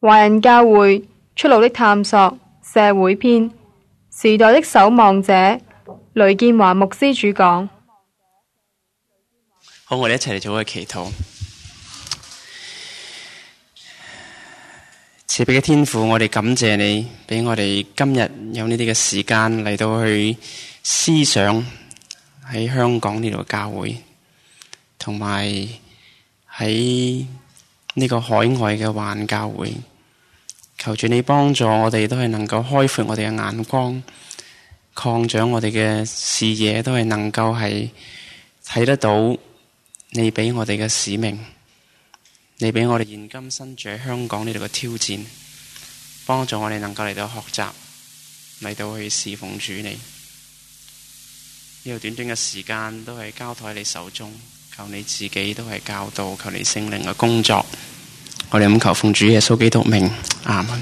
華人教會出路的探索社會篇，時代的守望者，雷建華牧師主講。好，我哋一齊嚟做一個祈禱。慈悲嘅天父，我哋感謝你，俾我哋今日有呢啲嘅時間嚟到去思想喺香港呢度嘅教會，同埋喺呢個海外嘅華人教會。求主你幫助我哋，都係能夠開闊我哋嘅眼光，擴張我哋嘅視野，都係能夠係睇得到你俾我哋嘅使命，你俾我哋現今身處喺香港呢度嘅挑戰，幫助我哋能夠嚟到學習，嚟到去侍奉主你。呢度短短嘅時間都係交託喺你手中，求你自己都係教導，求你聖靈嘅工作。我哋咁求奉主耶穌基督名，阿門。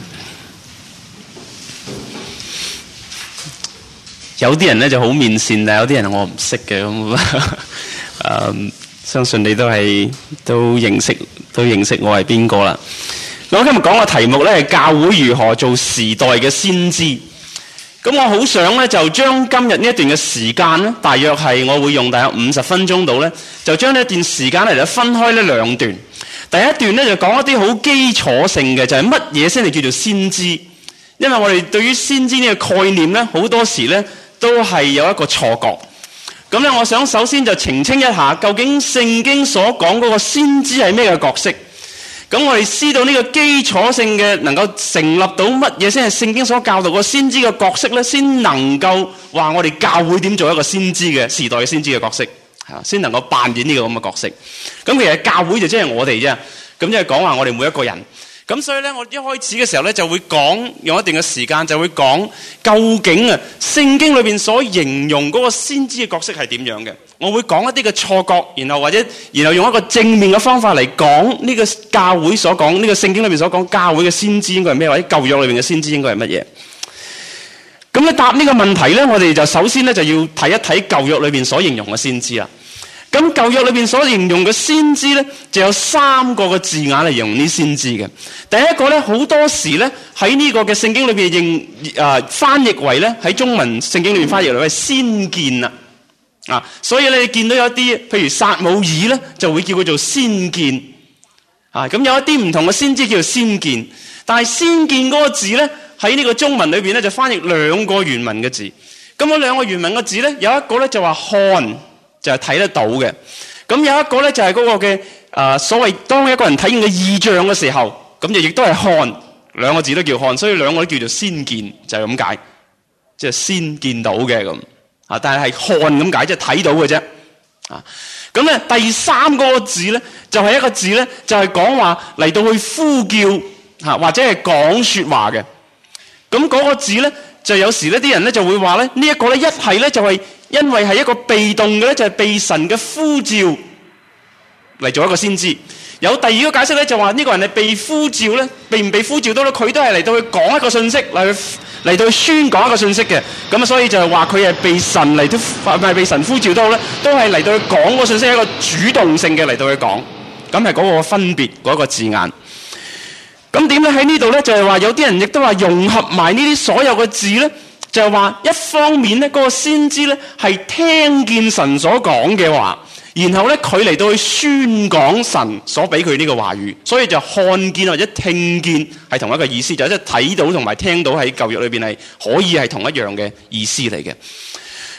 有啲人咧就好面善，但有啲人我唔識嘅咁。 um, 相信你都係都認識，都認識我係邊個啦。我今日講嘅題目咧，係教會如何做時代嘅先知。咁我好想咧，就將今日呢一段嘅時間咧，大約係我會用大約五十分鐘度咧，就將呢一段時間咧嚟分開呢兩段。第一段咧就講一啲好基礎性嘅，就係乜嘢先係叫做先知，因為我哋對於先知呢個概念咧，好多時咧都係有一個錯覺。咁咧，我想首先就澄清一下，究竟聖經所講嗰個先知係咩嘅角色？咁我哋知道呢個基礎性嘅能夠成立到乜嘢先係聖經所教導嘅先知嘅角色呢？先能夠話我哋教會點做一個先知嘅時代嘅先知嘅角色，係嘛？先能夠扮演呢個咁嘅角色。咁其實教會就真係我哋啫，咁即係講話我哋每一個人。咁所以呢，我一開始嘅時候呢，就會講用一段嘅時間，就會講究竟啊聖經裏邊所形容嗰個先知嘅角色係點樣嘅？我會講一啲嘅錯覺，然後或者然後用一個正面嘅方法嚟講呢個教會所講呢、呢個聖經裏面所講教會嘅先知應該係咩，或者舊約裏面嘅先知應該係乜嘢？咁咧答呢個問題呢，我哋就首先呢，就要睇一睇舊約裏面所形容嘅先知啦。咁舊約裏邊所形容嘅先知咧，就有三個嘅字眼嚟形容啲先知嘅。第一個咧，好多時咧喺呢個嘅聖經裏邊認啊、呃、翻譯為咧喺中文聖經裏邊翻譯為先見啦啊，所以你見到有一啲譬如撒母耳咧就會叫佢做先見啊，咁有一啲唔同嘅先知叫做先見，但係先見嗰個字咧喺呢個中文裏邊咧就翻譯兩個原文嘅字，咁嗰兩個原文嘅字咧有一個咧就話看。就係睇得到嘅，咁有一個咧就係、是、嗰個嘅啊、呃、所謂當一個人體驗嘅異象嘅時候，咁就亦都係看兩個字都叫看，所以兩個都叫做先見，就係咁解，即、就、係、是、先見到嘅咁啊。但係係看咁解，即係睇到嘅啫啊。咁咧第三嗰個字咧，就係、是、一個字咧，就係、是、講話嚟到去呼叫吓，或者係講説話嘅。咁、那、嗰個字咧，就有時咧啲人咧就會話咧、這個、呢一個咧一係咧就係、是。因為係一個被動嘅咧，就係、是、被神嘅呼召嚟做一個先知。有第二個解釋咧，就話、是、呢個人係被呼召咧，被唔被呼召都咧，佢都係嚟到去講一個信息嚟，嚟到去宣講一個信息嘅。咁啊，所以就係話佢係被神嚟到唔係被神呼召都好咧，都係嚟到去講個信息，一個主動性嘅嚟到去講。咁係嗰個分別嗰、那個字眼。咁點咧？喺呢度咧，就係話有啲人亦都話融合埋呢啲所有嘅字咧。就係話，一方面呢嗰個先知呢係聽見神所講嘅話，然後呢佢嚟到去宣講神所俾佢呢個話語，所以就看見或者聽見係同一個意思，就即係睇到同埋聽到喺舊約裏邊係可以係同一樣嘅意思嚟嘅。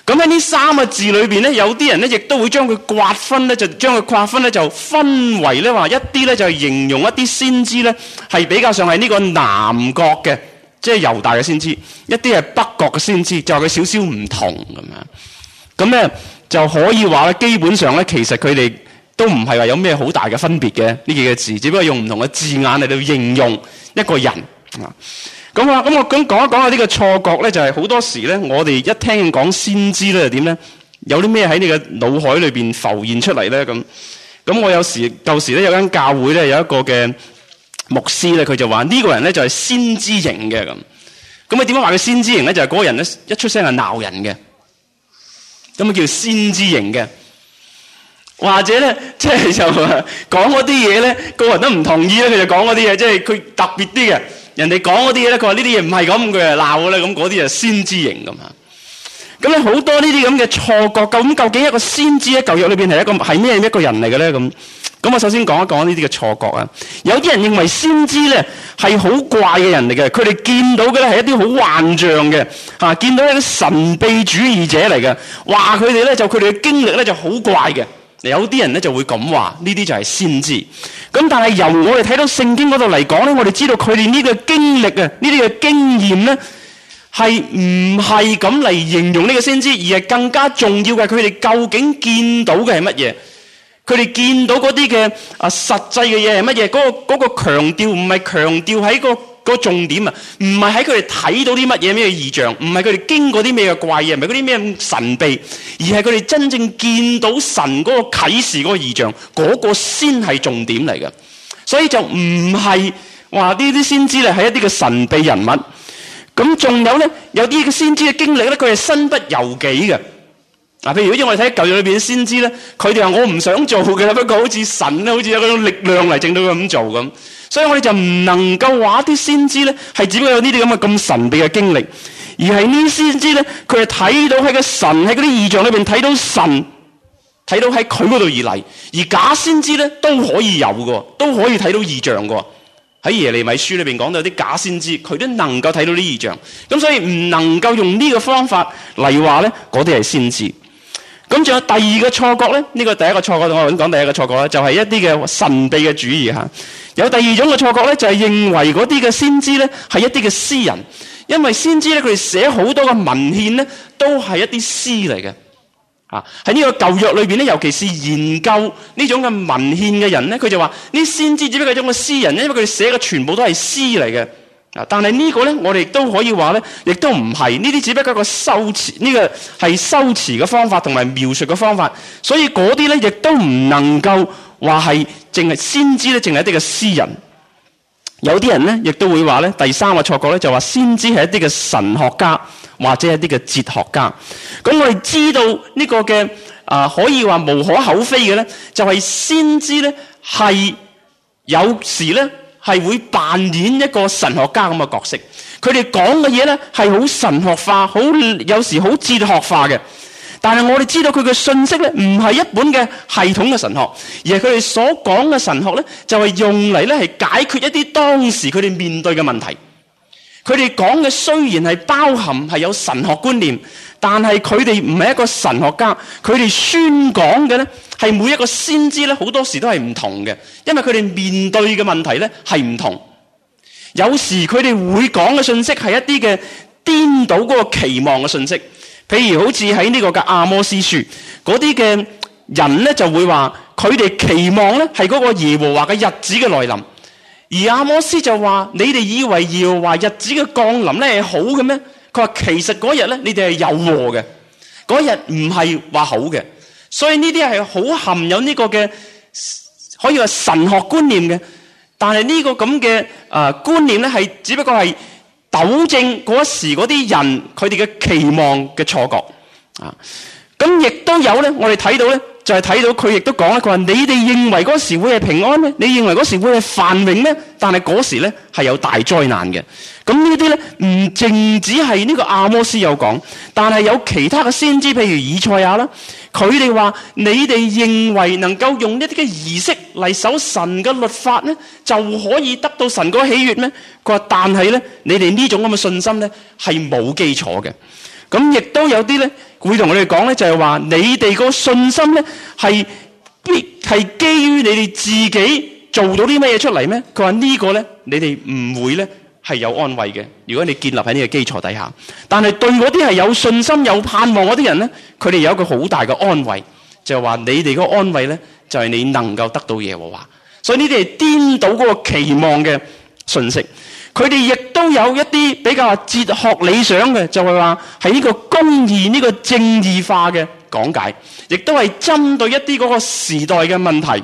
咁喺呢三個字裏邊呢，有啲人呢亦都會將佢劃分呢就將佢劃分呢就分為呢話一啲呢，就係形容一啲先知呢係比較上係呢個南國嘅。即係猶大嘅先知，一啲係北國嘅先知，就係佢少少唔同咁樣。咁咧就可以話咧，基本上咧，其實佢哋都唔係話有咩好大嘅分別嘅呢幾個字，只不過用唔同嘅字眼嚟到形容一個人啊。咁啊，咁我咁講一講下呢個錯覺咧，就係好多時咧，我哋一聽講先知咧，又點咧？有啲咩喺你嘅腦海裏面浮現出嚟咧？咁咁，我有時舊時咧，有間教會咧，有一個嘅。牧師咧，佢就話呢、呢個人咧就係、係、先知型嘅咁。咁啊點樣話佢先知型咧？就係、係、嗰個人咧一出聲就鬧人嘅，咁啊叫先知型嘅。或者咧，即係就話講嗰啲嘢咧，個人都唔同意啦。佢就講嗰啲嘢，即係佢特別啲嘅。人哋講嗰啲嘢咧，佢話呢啲嘢唔係咁，佢就鬧啦。咁嗰啲就先知型咁啊。咁咧好多呢啲咁嘅錯覺，究竟一個先知喺舊約裏邊係一個係咩一個人嚟嘅咧？咁，咁我首先講一講呢啲嘅錯覺啊。有啲人認為先知咧係好怪嘅人嚟嘅，佢哋見到嘅咧係一啲好幻象嘅，嚇、啊、見到一啲神秘主義者嚟嘅，話佢哋咧就佢哋嘅經歷咧就好怪嘅。有啲人咧就會咁話，呢啲就係先知。咁但係由我哋睇到聖經嗰度嚟講咧，我哋知道佢哋呢個經歷啊，呢啲嘅經驗咧。係唔係咁嚟形容呢個先知，而係更加重要嘅。佢哋究竟見到嘅係乜嘢？佢哋見到嗰啲嘅啊實際嘅嘢係乜嘢？嗰個嗰個強調唔係強調喺個個重點啊，唔係喺佢哋睇到啲乜嘢咩異象，唔係佢哋經過啲咩怪嘢，唔係嗰啲咩神秘，而係佢哋真正見到神嗰個啟示嗰個異象，嗰個先係重點嚟嘅。所以就唔係話呢啲先知咧，係一啲嘅神秘人物。咁仲有咧，有啲先知嘅經歷咧，佢係身不由己嘅。嗱、啊，譬如如果我哋睇舊約裏面嘅先知咧，佢哋話我唔想做嘅，不過好似神咧，好似有嗰種力量嚟整到佢咁做咁。所以我哋就唔能夠話啲先知咧係只有有呢啲咁嘅咁神秘嘅經歷，而係呢先知咧，佢係睇到喺個神喺嗰啲異象裏面，睇到神，睇到喺佢嗰度而嚟。而假先知咧都可以有嘅，都可以睇到異象嘅。喺耶利米書裏邊講到有啲假先知，佢都能夠睇到啲異象，咁所以唔能夠用呢個方法嚟話咧，嗰啲係先知。咁仲有第二個錯覺咧，呢個第一個錯覺我講第一個錯覺咧，就係一啲嘅神秘嘅主義吓。有第二種嘅錯覺咧，就係認為嗰啲嘅先知咧係一啲嘅詩人，因為先知咧佢哋寫好多嘅文獻咧都係一啲詩嚟嘅。啊！喺呢個舊約裏邊咧，尤其是研究呢種嘅文獻嘅人咧，佢就話：呢先知只不過係一種嘅詩人，因為佢寫嘅全部都係詩嚟嘅。啊！但係呢個咧，我哋都可以話咧，亦都唔係呢啲只不過係一個修辭，呢、這個係修辭嘅方法同埋描述嘅方法，所以嗰啲咧亦都唔能夠話係淨係先知咧，淨係一啲嘅詩人。有啲人咧，亦都會話咧，第三個錯覺咧，就話先知係一啲嘅神學家或者一啲嘅哲學家。咁我哋知道呢個嘅啊、呃，可以話無可厚非嘅咧，就係、是、先知咧係有時咧係會扮演一個神學家咁嘅角色。佢哋講嘅嘢咧係好神學化，好有時好哲學化嘅。但係我哋知道佢嘅信息咧，唔係一本嘅系統嘅神學，而係佢哋所講嘅神學咧，就係用嚟咧係解決一啲當時佢哋面對嘅問題。佢哋講嘅雖然係包含係有神學觀念，但係佢哋唔係一個神學家，佢哋宣講嘅咧係每一個先知咧好多時都係唔同嘅，因為佢哋面對嘅問題咧係唔同。有時佢哋會講嘅信息係一啲嘅顛倒嗰個期望嘅信息。譬如好似喺呢個嘅阿摩司書，嗰啲嘅人咧就會話，佢哋期望咧係嗰個耶和華嘅日子嘅來臨，而阿摩司就話：你哋以為耶和華日子嘅降臨咧係好嘅咩？佢話其實嗰日咧你哋係有禍嘅，嗰日唔係話好嘅。所以呢啲係好含有呢個嘅，可以話神學觀念嘅。但係呢個咁嘅啊觀念咧係只不過係糾正嗰時嗰啲人佢哋嘅期望嘅錯覺啊，咁亦都有咧。我哋睇到咧，就係、是、睇到佢亦都講一佢話，你哋認為嗰時會係平安咧，你認為嗰時會係繁榮咧，但係嗰時咧係有大災難嘅。咁呢啲咧唔淨止係呢個阿摩斯有講，但係有其他嘅先知，譬如以賽亞啦。佢哋話：你哋認為能夠用一啲嘅儀式嚟守神嘅律法咧，就可以得到神個喜悅咩？佢話：但係咧，你哋呢種咁嘅信心咧，係冇基礎嘅。咁亦都有啲咧會同我哋講咧，就係話你哋個信心咧係必係基於你哋自己做到啲乜嘢出嚟咩？佢話呢個咧，你哋唔會咧。係有安慰嘅。如果你建立喺呢個基礎底下，但係對嗰啲係有信心、有盼望嗰啲人呢，佢哋有一個好大嘅安慰，就係話你哋嘅安慰呢，就係你能夠得到耶和華。所以呢啲係顛倒嗰個期望嘅信息。佢哋亦都有一啲比較哲學理想嘅，就係話喺呢個公義、呢個正義化嘅講解，亦都係針對一啲嗰個時代嘅問題，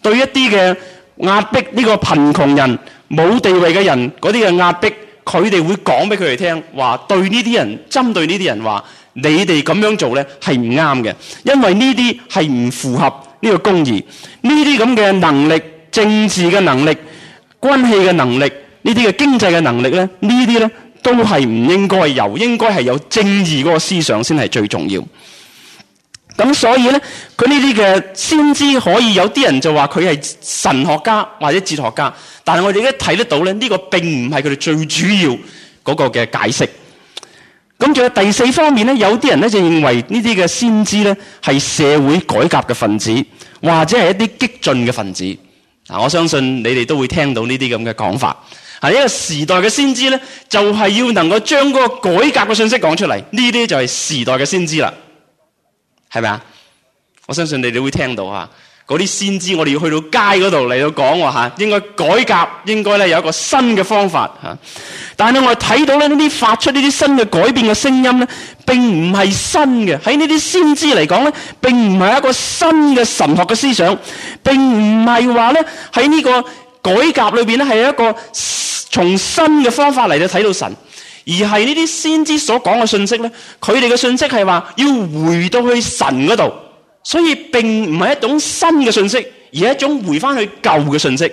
對一啲嘅壓迫呢個貧窮人，冇地位嘅人，嗰啲嘅壓迫，佢哋會講俾佢哋聽話。對呢啲人，針對呢啲人話，你哋咁樣做咧係唔啱嘅，因為呢啲係唔符合呢個公義，呢啲咁嘅能力、政治嘅能力、關係嘅能力、呢啲嘅經濟嘅能力咧，這些呢啲咧都係唔應該有，應該係有正義嗰個思想先係最重要。咁所以咧，佢呢啲嘅先知可以有啲人就話佢係神學家或者哲學家，但係我哋而家睇得到咧，呢個並唔係佢哋最主要嗰個嘅解釋。咁仲有第四方面咧，有啲人咧就認為呢啲嘅先知咧係社會改革嘅分子，或者係一啲激進嘅分子。嗱，我相信你哋都會聽到呢啲咁嘅講法。喺一個時代嘅先知咧，就係要能夠將嗰個改革嘅信息講出嚟，呢啲就係時代嘅先知啦。係咪啊？我相信你哋會聽到啊！嗰啲先知，我哋要去到街嗰度嚟到講，吓應該改革，應該咧有一個新嘅方法吓。但係我睇到咧呢啲發出呢啲新嘅改變嘅聲音咧，並唔係新嘅。喺呢啲先知嚟講咧，並唔係一個新嘅神學嘅思想，並唔係話咧喺呢個改革裏邊咧係一個從新嘅方法嚟到睇到神，而係呢啲先知所講嘅信息咧，佢哋嘅信息係話要回到去神嗰度，所以並唔係一種新嘅信息，而係一種回翻去舊嘅信息。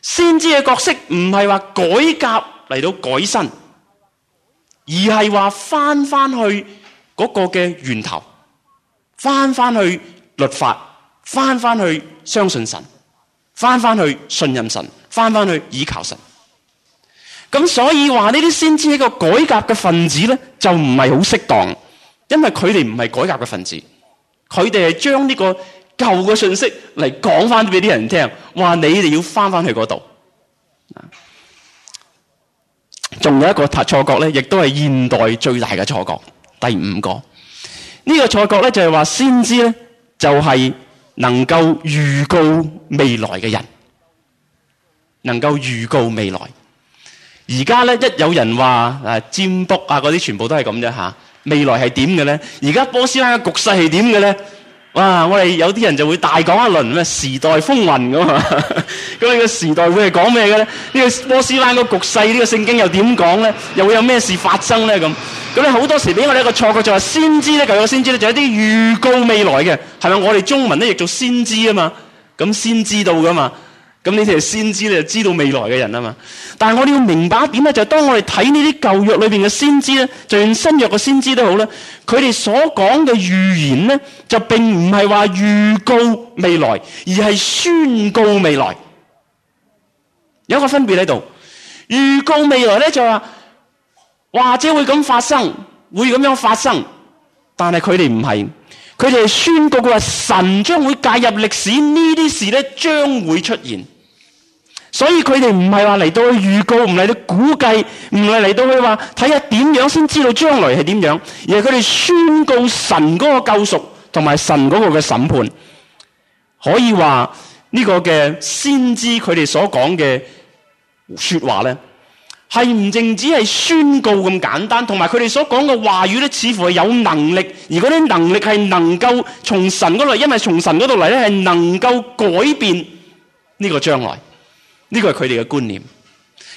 先知嘅角色唔係話改革嚟到改新，而係話翻翻去嗰個嘅源頭，翻翻去律法，翻翻去相信神，翻翻去信任神，翻翻去倚靠神。咁所以話呢啲先知一個改革嘅分子咧，就唔係好適當，因為佢哋唔係改革嘅分子，佢哋係將呢個舊嘅信息嚟講翻俾啲人聽，話你哋要翻翻去嗰度。啊、嗯，仲有一個錯錯覺咧，亦都係現代最大嘅錯覺，第五個呢、呢個錯覺咧就係、是、話先知咧就係、是、能夠預告未來嘅人，能夠預告未來。而家咧一有人話啊，占卜啊嗰啲全部都係咁啫吓，未來係點嘅咧？而家波斯灣嘅局勢係點嘅咧？哇！我哋有啲人就會大講一輪咩時，時代風雲咁嘛。咁 你個時代會係講咩嘅咧？呢、呢個波斯灣、這個局勢呢個聖經又點講咧？又會有咩事發生咧咁？咁咧好多時俾我哋一個錯覺就係、先知咧，究、就、竟、是、先知咧就有啲預告未來嘅係咪？是是我哋中文咧亦做先知啊嘛，咁先知道噶嘛。咁呢啲係先知，你就知道未來嘅人啊嘛？但係我哋要明白一點咧，就係、當我哋睇呢啲舊約裏邊嘅先知咧，就用新約嘅先知都好啦。佢哋所講嘅預言咧，就並唔係話預告未來，而係宣告未來。有一個分別喺度，預告未來咧就話、是，或者會咁發生，會咁樣發生，但係佢哋唔係，佢哋係宣告佢話神將會介入歷史，呢啲事咧將會出現。所以佢哋唔係話嚟到去預告，唔嚟到估計，唔嚟嚟到去話睇下點樣先知道將來係點樣。而係佢哋宣告神嗰個救贖同埋神嗰個嘅審判，可以話呢個嘅先知佢哋所講嘅說話咧，係唔淨止係宣告咁簡單，同埋佢哋所講嘅話語咧，似乎係有能力，而嗰啲能力係能夠從神嗰度，因為從神嗰度嚟咧係能夠改變呢個將來。呢個係佢哋嘅觀念，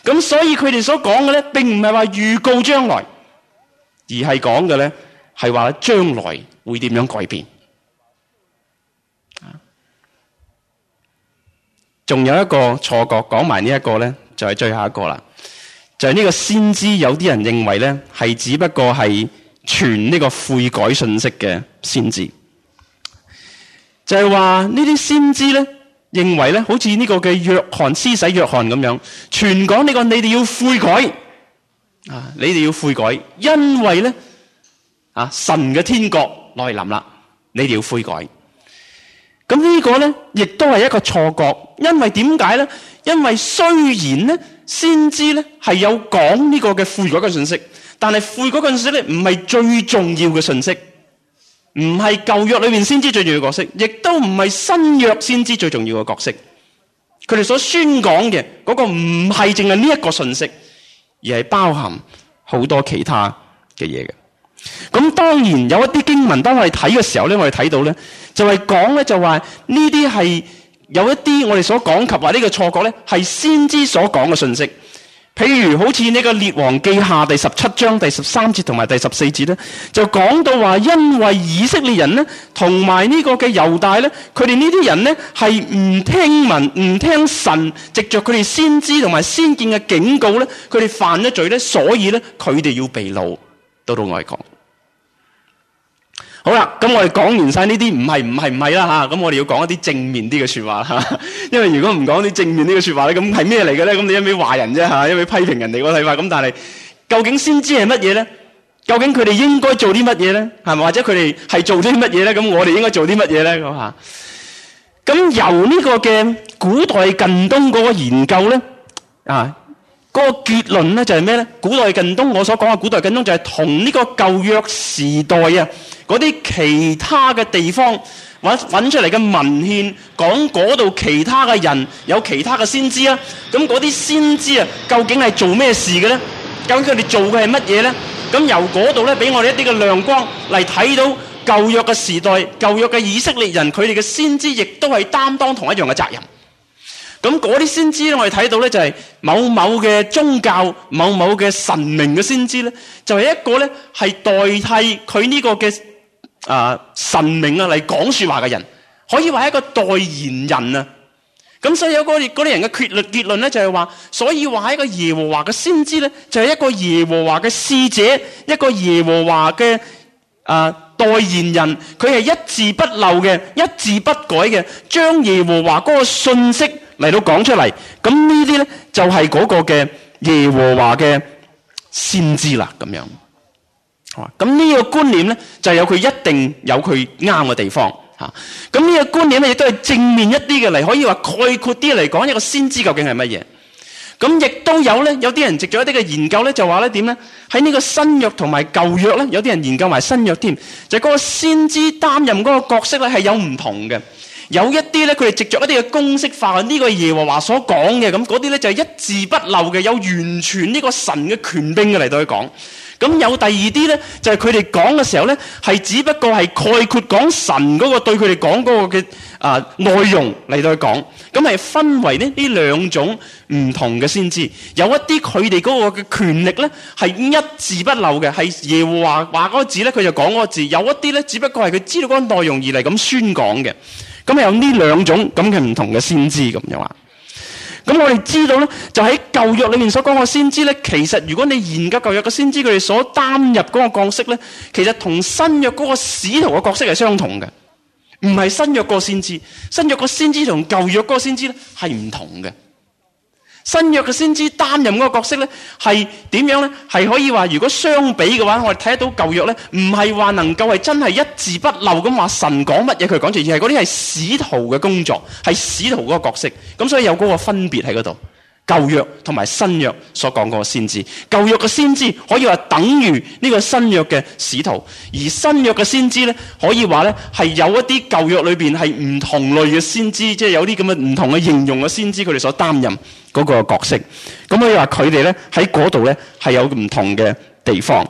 咁所以佢哋所講嘅呢，並唔係話預告將來，而係講嘅呢，係話將來會點樣改變。仲有一個錯覺，講埋呢一個呢，就係最後一個啦。就係呢個先知，有啲人認為呢，係只不過係傳呢個悔改信息嘅先知，就係話呢啲先知呢，認為咧，好似呢個嘅約翰施洗約翰咁樣，全講呢個你哋要悔改啊！你哋要悔改，因為咧啊，神嘅天國來臨啦，你哋要悔改。咁呢個咧，亦都係一個錯覺，因為點解咧？因為雖然咧，先知咧係有講呢個嘅悔改嘅信息，但係悔改嘅信息咧唔係最重要嘅信息。唔係舊約裏面先知最重要嘅角色，亦都唔係新約先知最重要嘅角色。佢哋所宣講嘅嗰個唔係淨係呢一個信息，而係包含好多其他嘅嘢嘅。咁當然有一啲經文，當我哋睇嘅時候咧，我哋睇到咧就係講咧就話呢啲係有一啲我哋所講及話呢個錯覺咧，係先知所講嘅信息。譬如好似呢個列王記下第十七章第十三節同埋第十四節咧，就講到話，因為以色列人咧，同埋呢個嘅猶大咧，佢哋呢啲人咧係唔聽聞、唔聽神，藉着佢哋先知同埋先見嘅警告咧，佢哋犯咗罪咧，所以咧佢哋要被驅到到外國。好啦，咁我哋講完晒呢啲唔係唔係唔係啦吓，咁、啊、我哋要講一啲正面啲嘅說話吓、啊，因為如果唔講啲正面啲嘅說話咧，咁係咩嚟嘅咧？咁你一味話人啫吓、啊，一味批評人哋個睇法，咁但係究竟先知係乜嘢咧？究竟佢哋應該做啲乜嘢咧？係咪或者佢哋係做啲乜嘢咧？咁我哋應該做啲乜嘢咧？咁、啊、吓，咁由呢個嘅古代近東嗰個研究咧啊。個結論呢就係咩呢？古代近東我所講嘅古代近東就係同呢個舊約時代啊，嗰啲其他嘅地方揾揾出嚟嘅文獻，講嗰度其他嘅人有其他嘅先知啊。咁嗰啲先知啊，究竟係做咩事嘅呢？究竟佢哋做嘅係乜嘢呢？咁由嗰度呢，俾我哋一啲嘅亮光嚟睇到舊約嘅時代，舊約嘅以色列人佢哋嘅先知亦都係擔當同一樣嘅責任。咁嗰啲先知咧，我哋睇到咧就係某某嘅宗教、某某嘅神明嘅先知咧，就係一個咧係代替佢呢個嘅啊、呃、神明啊嚟講說話嘅人，可以話係一個代言人啊。咁所以有嗰啲嗰啲人嘅決論結論咧就係話，所以話係一個耶和華嘅先知咧，就係一個耶和華嘅使者，一個耶和華嘅啊、呃、代言人，佢係一字不漏嘅、一字不改嘅，將耶和華嗰個信息。嚟到講出嚟，咁呢啲咧就係嗰個嘅耶和華嘅先知啦，咁樣。咁呢個觀念咧就有佢一定有佢啱嘅地方嚇。咁呢個觀念咧亦都係正面一啲嘅嚟，可以話概括啲嚟講一個先知究竟係乜嘢。咁亦都有咧，有啲人藉咗一啲嘅研究咧就話咧點咧？喺呢個新約同埋舊約咧，有啲人研究埋新約添，就係嗰個先知擔任嗰個角色咧係有唔同嘅。有一啲咧，佢哋藉着一啲嘅公式化，呢、這個耶和華所講嘅咁，嗰啲咧就係、是、一字不漏嘅，有完全呢個神嘅權柄嚟到去講。咁有第二啲咧，就係佢哋講嘅時候咧，係只不過係概括講神嗰、那個對佢哋講嗰個嘅啊、呃、內容嚟到去講。咁係分為呢呢兩種唔同嘅先知。有一啲佢哋嗰個嘅權力咧，係一字不漏嘅，係耶和華話嗰個字咧，佢就講嗰個字。有一啲咧，只不過係佢知道嗰個內容而嚟咁宣講嘅。咁有呢兩種咁嘅唔同嘅先知咁樣話，咁我哋知道咧，就喺舊約裏面所講嘅先知呢，其實如果你研究舊約嘅先知，佢哋所擔任嗰個角色呢，其實同新約嗰個使徒嘅角色係相同嘅，唔係新約個先知，新約個先知同舊約嗰個先知呢係唔同嘅。新約嘅先知擔任嗰個角色咧，係點樣咧？係可以話，如果相比嘅話，我哋睇得到舊約咧，唔係話能夠係真係一字不漏咁話神講乜嘢，佢講住，而係嗰啲係使徒嘅工作，係使徒嗰個角色，咁所以有嗰個分別喺嗰度。舊約同埋新約所講嗰個先知，舊約嘅先知可以話等於呢個新約嘅使徒，而新約嘅先知咧可以話咧係有一啲舊約裏邊係唔同類嘅先知，即係有啲咁嘅唔同嘅形容嘅先知，佢哋所擔任嗰個角色。咁可以話佢哋咧喺嗰度咧係有唔同嘅地方。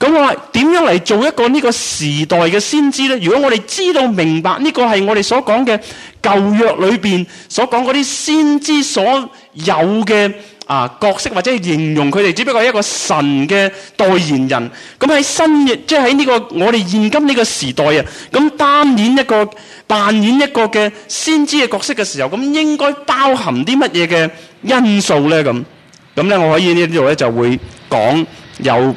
咁我話點樣嚟做一個呢個時代嘅先知咧？如果我哋知道明白呢個係我哋所講嘅。舊約裏邊所講嗰啲先知所有嘅，啊，角色或者形容佢哋，只不過係一個神嘅代言人。咁喺新嘅，即係喺呢個我哋現今呢個時代啊，咁擔演一個扮演一個嘅先知嘅角色嘅時候，咁應該包含啲乜嘢嘅因素咧？咁咁咧，我可以呢度咧就會講有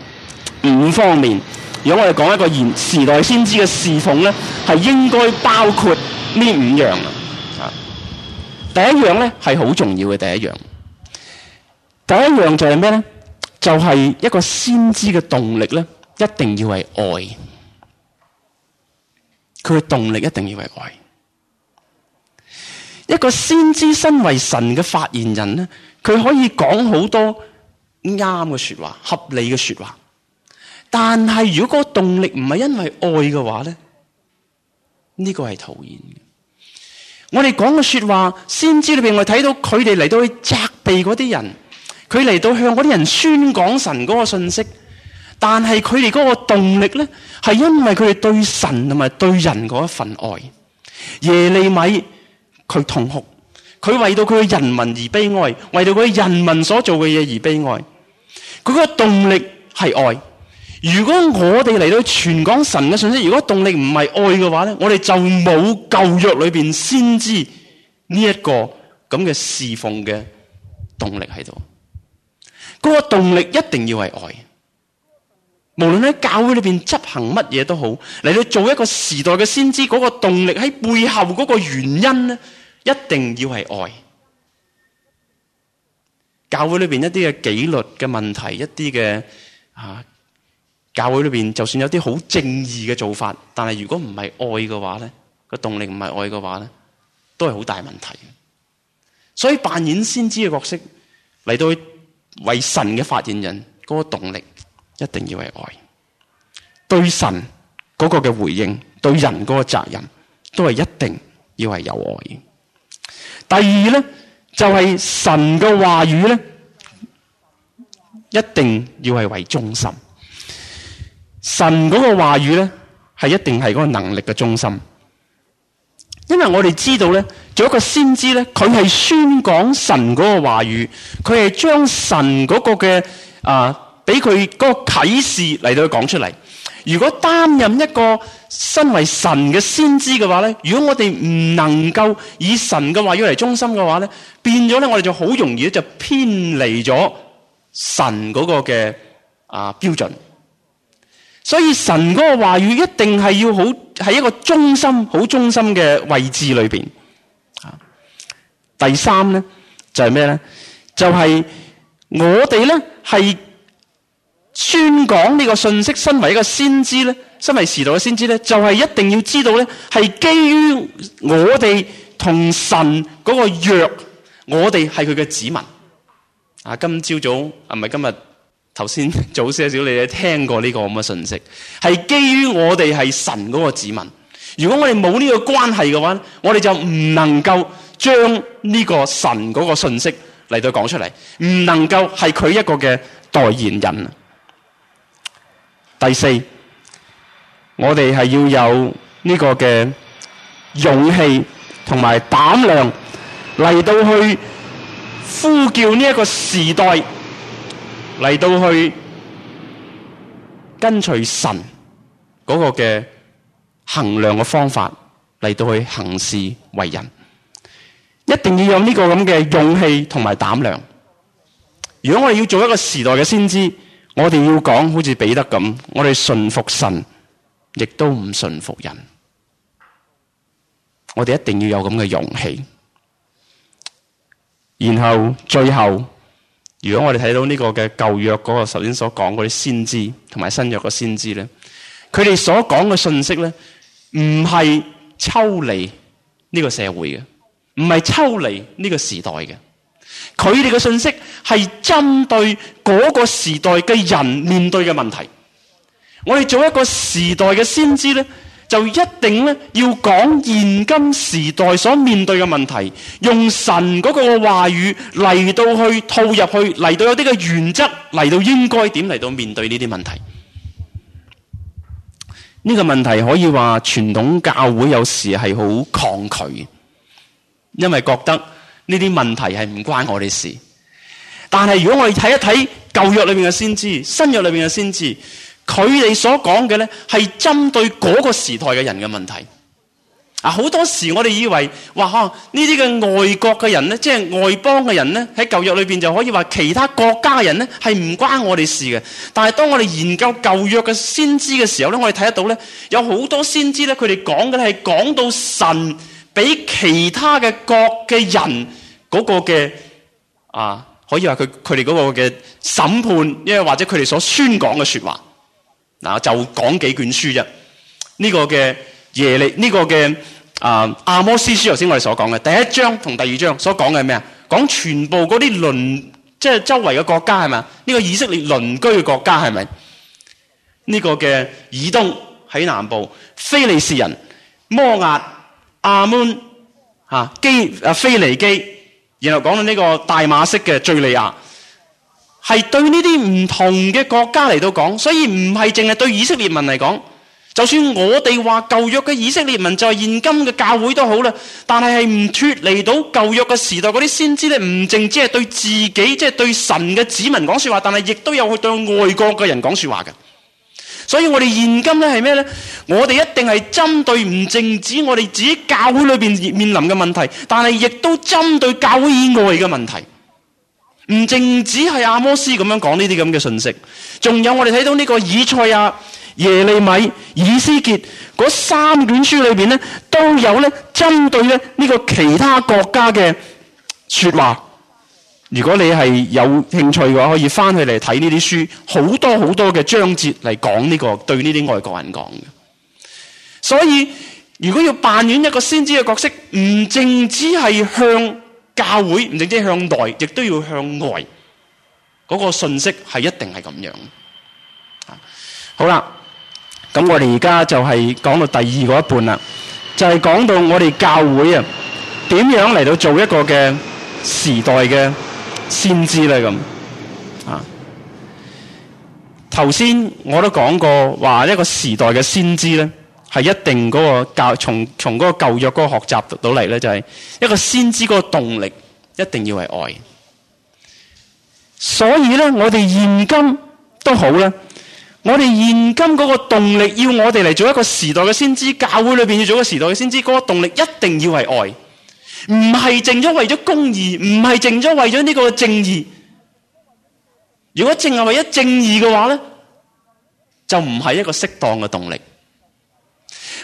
五方面。如果我哋講一個現時代先知嘅侍奉呢，係應該包括呢五樣啊，第一樣呢係好重要嘅第一樣。第一樣就係咩呢？就係、是、一個先知嘅動力呢，一定要係愛。佢嘅動力一定要係愛。一個先知身為神嘅發言人呢，佢可以講好多啱嘅說話，合理嘅說話。但係如果個動力唔係因為愛嘅話咧，呢、呢個係徒然嘅。我哋講嘅說話先知裏邊，我睇到佢哋嚟到去責備嗰啲人，佢嚟到向嗰啲人宣講神嗰個信息。但係佢哋嗰個動力咧，係因為佢哋對神同埋對人嗰一份愛。耶利米佢痛哭，佢為到佢嘅人民而悲哀，為到佢人民所做嘅嘢而悲哀。佢個動力係愛。如果我哋嚟到傳講神嘅信息，如果動力唔係愛嘅話咧，我哋就冇舊約裏邊先知呢、這、一個咁嘅侍奉嘅動力喺度。嗰、那個動力一定要係愛，無論喺教會裏邊執行乜嘢都好，嚟到做一個時代嘅先知，嗰、那個動力喺背後嗰個原因咧，一定要係愛。教會裏邊一啲嘅紀律嘅問題，一啲嘅吓。教會裏邊就算有啲好正義嘅做法，但係如果唔係愛嘅話咧，個動力唔係愛嘅話咧，都係好大問題。所以扮演先知嘅角色嚟到為神嘅發言人，嗰、嗰個動力一定要係愛。對神嗰個嘅回應，對人嗰個責任，都係一定要係有愛。第二咧，就係、係、神嘅話語咧，一定要係為中心。神嗰個話語咧，係一定係嗰個能力嘅中心，因為我哋知道咧，做一個先知咧，佢係宣講神嗰個話語，佢係將神嗰個嘅啊，俾佢嗰個啟示嚟到佢講出嚟。如果擔任一個身為神嘅先知嘅話咧，如果我哋唔能夠以神嘅話語嚟中心嘅話咧，變咗咧我哋就好容易就偏離咗神嗰個嘅啊標準。所以神嗰個話語一定係要好喺一個中心好中心嘅位置裏邊，啊。第三咧就係咩咧？就係、是就是、我哋咧係宣講呢個信息，身為一個先知咧，身為時代嘅先知咧，就係、是、一定要知道咧，係基於我哋同神嗰個約，我哋係佢嘅子民啊早早。啊，今朝早係咪今日？頭先早些少你哋聽過呢個咁嘅信息，係基於我哋係神嗰個子民。如果我哋冇呢個關係嘅話，我哋就唔能夠將呢個神嗰個信息嚟到講出嚟，唔能夠係佢一個嘅代言人。第四，我哋係要有呢個嘅勇氣同埋膽量嚟到去呼叫呢一個時代。嚟到去跟隨神嗰個嘅衡量嘅方法嚟到去行事為人，一定要有呢個咁嘅勇氣同埋膽量。如果我哋要做一個時代嘅先知，我哋要講好似彼得咁，我哋順服神，亦都唔順服人。我哋一定要有咁嘅勇氣，然後最後。如果我哋睇到呢個嘅舊約嗰個頭先所講嗰啲先知同埋新約嘅先知咧，佢哋所講嘅信息咧，唔係抽離呢個社會嘅，唔係抽離呢個時代嘅，佢哋嘅信息係針對嗰個時代嘅人面對嘅問題。我哋做一個時代嘅先知咧。就一定咧要講現今時代所面對嘅問題，用神嗰個話語嚟到去套入去，嚟到有啲嘅原則嚟到應該點嚟到面對呢啲問題。呢個問題可以話傳統教會有時係好抗拒，因為覺得呢啲問題係唔關我哋事。但係如果我哋睇一睇舊約裏面嘅先知，新約裏面嘅先知。佢哋所講嘅呢，係針對嗰個時代嘅人嘅問題。啊，好多時我哋以為，哇，呢啲嘅外國嘅人呢，即係外邦嘅人呢，喺舊約裏面就可以話其他國家嘅人呢係唔關我哋事嘅。但係當我哋研究舊約嘅先知嘅時候呢，我哋睇得到呢，有好多先知呢，佢哋講嘅咧係講到神俾其他嘅國嘅人嗰個嘅啊，可以話佢佢哋嗰個嘅審判，因為或者佢哋所宣講嘅說話。啊、就講幾卷書啫。呢個嘅耶利，呢個嘅啊，阿摩司書頭先我哋所講嘅第一章同第二章所講嘅咩啊？講全部嗰啲鄰，即係周圍嘅國家係咪？呢個以色列鄰居嘅國家係咪？呢個嘅以東喺南部，非利士人、摩押、亞門吓基啊，腓尼基，然後講到呢個大馬色嘅敘利亞。係對呢啲唔同嘅國家嚟到講，所以唔係淨係對以色列民嚟講。就算我哋話舊約嘅以色列民，就係現今嘅教會都好啦。但係係唔脱離到舊約嘅時代嗰啲先知咧，唔淨止係對自己，即係對神嘅子民講說話，但係亦都有去對外國嘅人講說話嘅。所以我哋現今咧係咩呢？我哋一定係針對唔淨止我哋自己教會裏邊面面臨嘅問題，但係亦都針對教會以外嘅問題。唔淨止係阿摩斯咁樣講呢啲咁嘅信息，仲有我哋睇到呢個以賽亞、耶利米、以西結嗰三卷書裏邊咧，都有咧針對咧呢個其他國家嘅說話。如果你係有興趣嘅話，可以翻去嚟睇呢啲書，好多好多嘅章節嚟講呢個對呢啲外國人講嘅。所以如果要扮演一個先知嘅角色，唔淨止係向。教會唔淨止向內，亦都要向外。嗰、嗰個信息係一定係咁樣。啊，好啦，咁我哋而家就係講到第二個一半啦，就係、是、講到我哋教會啊，點樣嚟到做一個嘅時代嘅先知咧？咁啊，頭先我都講過話一個時代嘅先知咧。係一定嗰、那個教，從從嗰個舊約嗰個學習到嚟咧，就係、是、一個先知嗰個動力，一定要係愛。所以咧，我哋現今都好啦。我哋現今嗰個動力，要我哋嚟做一個時代嘅先知，教會裏邊要做一個時代嘅先知，嗰個動力一定要係愛，唔係淨咗為咗公義，唔係淨咗為咗呢個正義。如果淨係為咗正義嘅話咧，就唔係一個適當嘅動力。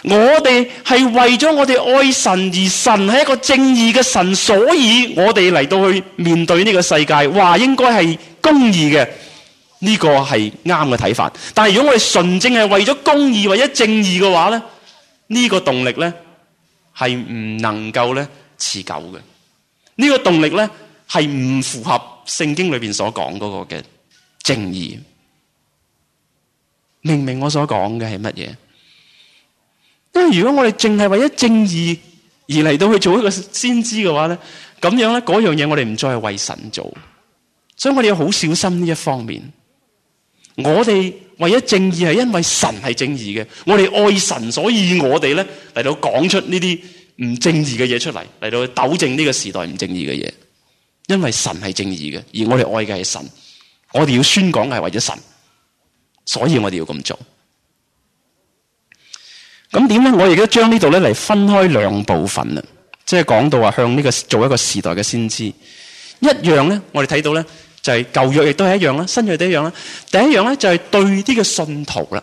我哋係為咗我哋愛神，而神係一個正義嘅神，所以我哋嚟到去面對呢個世界，話應該係公義嘅，呢個係啱嘅睇法。但係如果我哋純正係為咗公義或者正義嘅話咧，呢個動力咧係唔能夠咧持久嘅。呢個動力咧係唔符合聖經裏邊所講嗰個嘅正義。明唔明我所講嘅係乜嘢？因為如果我哋淨係為咗正義而嚟到去做一個先知嘅話咧，咁樣咧嗰樣嘢我哋唔再係為神做，所以我哋要好小心呢一方面。我哋為咗正義係因為神係正義嘅，我哋愛神，所以我哋咧嚟到講出呢啲唔正義嘅嘢出嚟，嚟到去糾正呢個時代唔正義嘅嘢。因為神係正義嘅，而我哋愛嘅係神，我哋要宣講係為咗神，所以我哋要咁做。咁點咧？我而家將呢度咧嚟分開兩部分，即係講到話向呢、這個做一個時代嘅先知，一樣咧，我哋睇到咧就係、是、舊約亦都係一樣啦，新約都一樣啦。第一樣咧就係、是、對啲嘅信徒啦，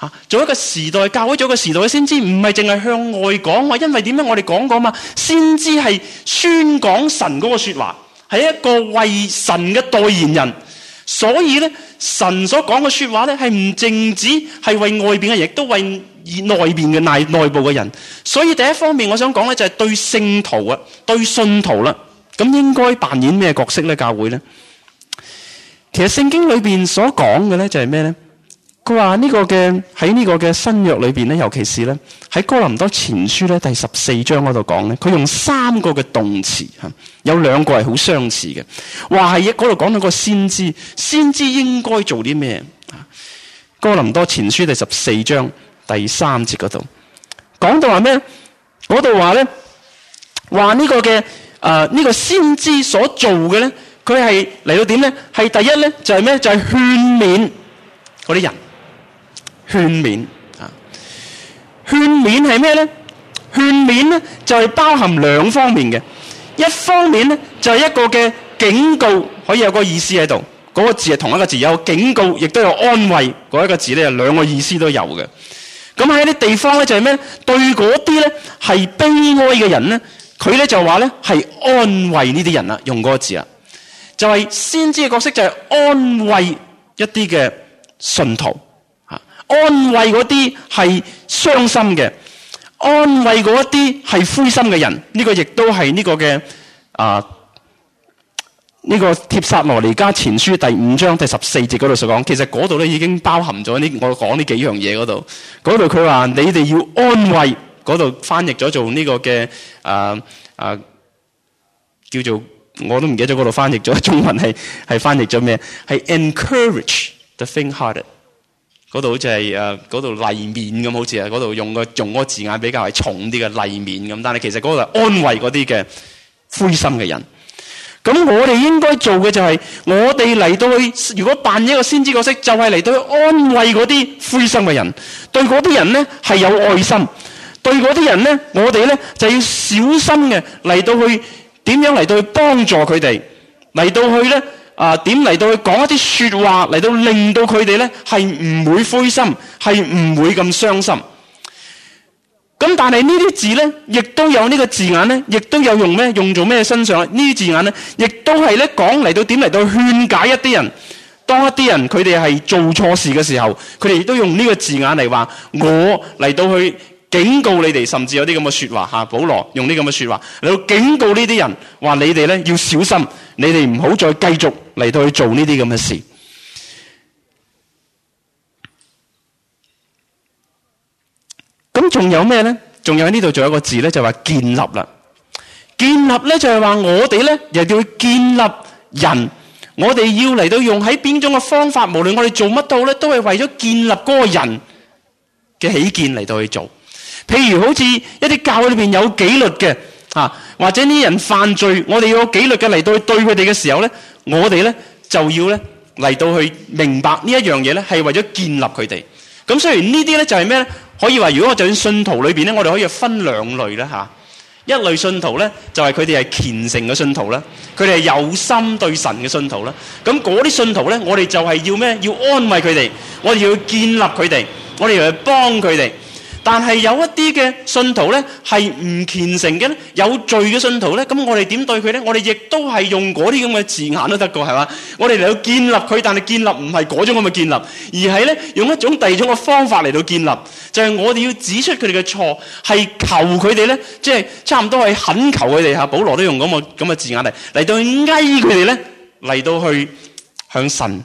吓、啊、做一個時代教咗個時代嘅先知，唔係淨係向外講，我因為點咧？我哋講過嘛，先知係宣講神嗰個說話，係一個為神嘅代言人，所以咧神所講嘅說話咧係唔淨止係為外邊嘅，亦都為。而內邊嘅內內部嘅人，所以第一方面我想講咧，就係對聖徒啊，對信徒啦，咁應該扮演咩角色咧？教會咧，其實聖經裏邊所講嘅咧，就係咩咧？佢話呢個嘅喺呢個嘅新約裏邊咧，尤其是咧喺哥林多前書咧第十四章嗰度講咧，佢用三個嘅動詞吓，有兩個係好相似嘅，話係嗰度講到個先知，先知應該做啲咩？哥林多前書第十四章。第三節嗰度講到話咩？嗰度話咧，話呢個嘅誒呢個先知所做嘅咧，佢係嚟到點咧？係第一咧就係咩？就係勸勉嗰啲人，勸勉啊！勸勉係咩咧？勸勉咧就係包含兩方面嘅，一方面咧就係、是、一個嘅警告，可以有個意思喺度。嗰個字係同一個字，有警告，亦都有安慰。嗰一個字咧，兩個意思都有嘅。咁喺啲地方咧，就係咩？對嗰啲咧係悲哀嘅人咧，佢咧就話咧係安慰呢啲人啦，用嗰個字啦，就係先知嘅角色就係安慰一啲嘅信徒嚇，安慰嗰啲係傷心嘅，安慰嗰一啲係灰心嘅人，呢、呢個亦都係呢個嘅啊。呃呢、這個帖撒羅尼迦前書第五章第十四節嗰度所講，其實嗰度已經包含咗呢，我講呢幾樣嘢嗰度。嗰度佢話你哋要安慰，嗰度翻譯咗做呢個嘅啊，啊叫做我都唔記得嗰度翻譯咗中文係係翻譯咗咩？係 encourage the fainthearted。嗰度好似係嗰度勵勉咁，好似啊嗰度用個用個字眼比較係重啲嘅勵勉咁，但係其實嗰度係安慰嗰啲嘅灰心嘅人。咁我哋應該做嘅就係，我哋嚟到去，如果扮一個先知角色，就係嚟到去安慰嗰啲灰心嘅人，對嗰啲人咧係有愛心，對嗰啲人咧，我哋咧就要小心嘅嚟到去點樣嚟到去幫助佢哋，嚟到去咧啊點嚟到去講一啲說話嚟到令到佢哋咧係唔會灰心，係唔會咁傷心。但係呢啲字咧，亦都有呢個字眼咧，亦都有用咩用做咩身上呢啲字眼咧，亦都係咧講嚟到點嚟到勸解一啲人，當一啲人佢哋係做錯事嘅時候，佢哋亦都用呢個字眼嚟話我嚟到去警告你哋，甚至有啲咁嘅說話吓。保羅用呢咁嘅說話嚟到警告呢啲人，話你哋咧要小心，你哋唔好再繼續嚟到去做呢啲咁嘅事。咁仲有咩咧？仲有呢度仲有一個字咧，就係話建立啦。建立咧就係話我哋咧，又要建立人。我哋要嚟到用喺邊種嘅方法，無論我哋做乜到咧，都係為咗建立嗰個人嘅起見嚟到去做。譬如好似一啲教裏邊有紀律嘅啊，或者呢啲人犯罪，我哋要有紀律嘅嚟到去對佢哋嘅時候咧，我哋咧就要咧嚟到去明白呢一樣嘢咧，係為咗建立佢哋。咁雖然呢啲咧就係咩咧？可以話，如果我就算信徒裏面，咧，我哋可以分兩類咧，一類信徒呢，就係佢哋係虔誠嘅信徒啦，佢哋係有心對神嘅信徒啦。咁嗰啲信徒呢，我哋就係要咩？要安慰佢哋，我哋要建立佢哋，我哋要幫佢哋。但係有一啲嘅信徒呢，係唔虔誠嘅咧，有罪嘅信徒呢。咁我哋點對佢呢？我哋亦都係用嗰啲咁嘅字眼都得嘅，係咪？我哋嚟到建立佢，但係建立唔係嗰種咁嘅建立，而係呢，用一種第二種嘅方法嚟到建立，就係、是、我哋要指出佢哋嘅錯，係求佢哋呢，即、就、係、是、差唔多係懇求佢哋吓，保羅都用咁嘅咁嘅字眼嚟嚟到去哀佢哋咧，嚟到去向神。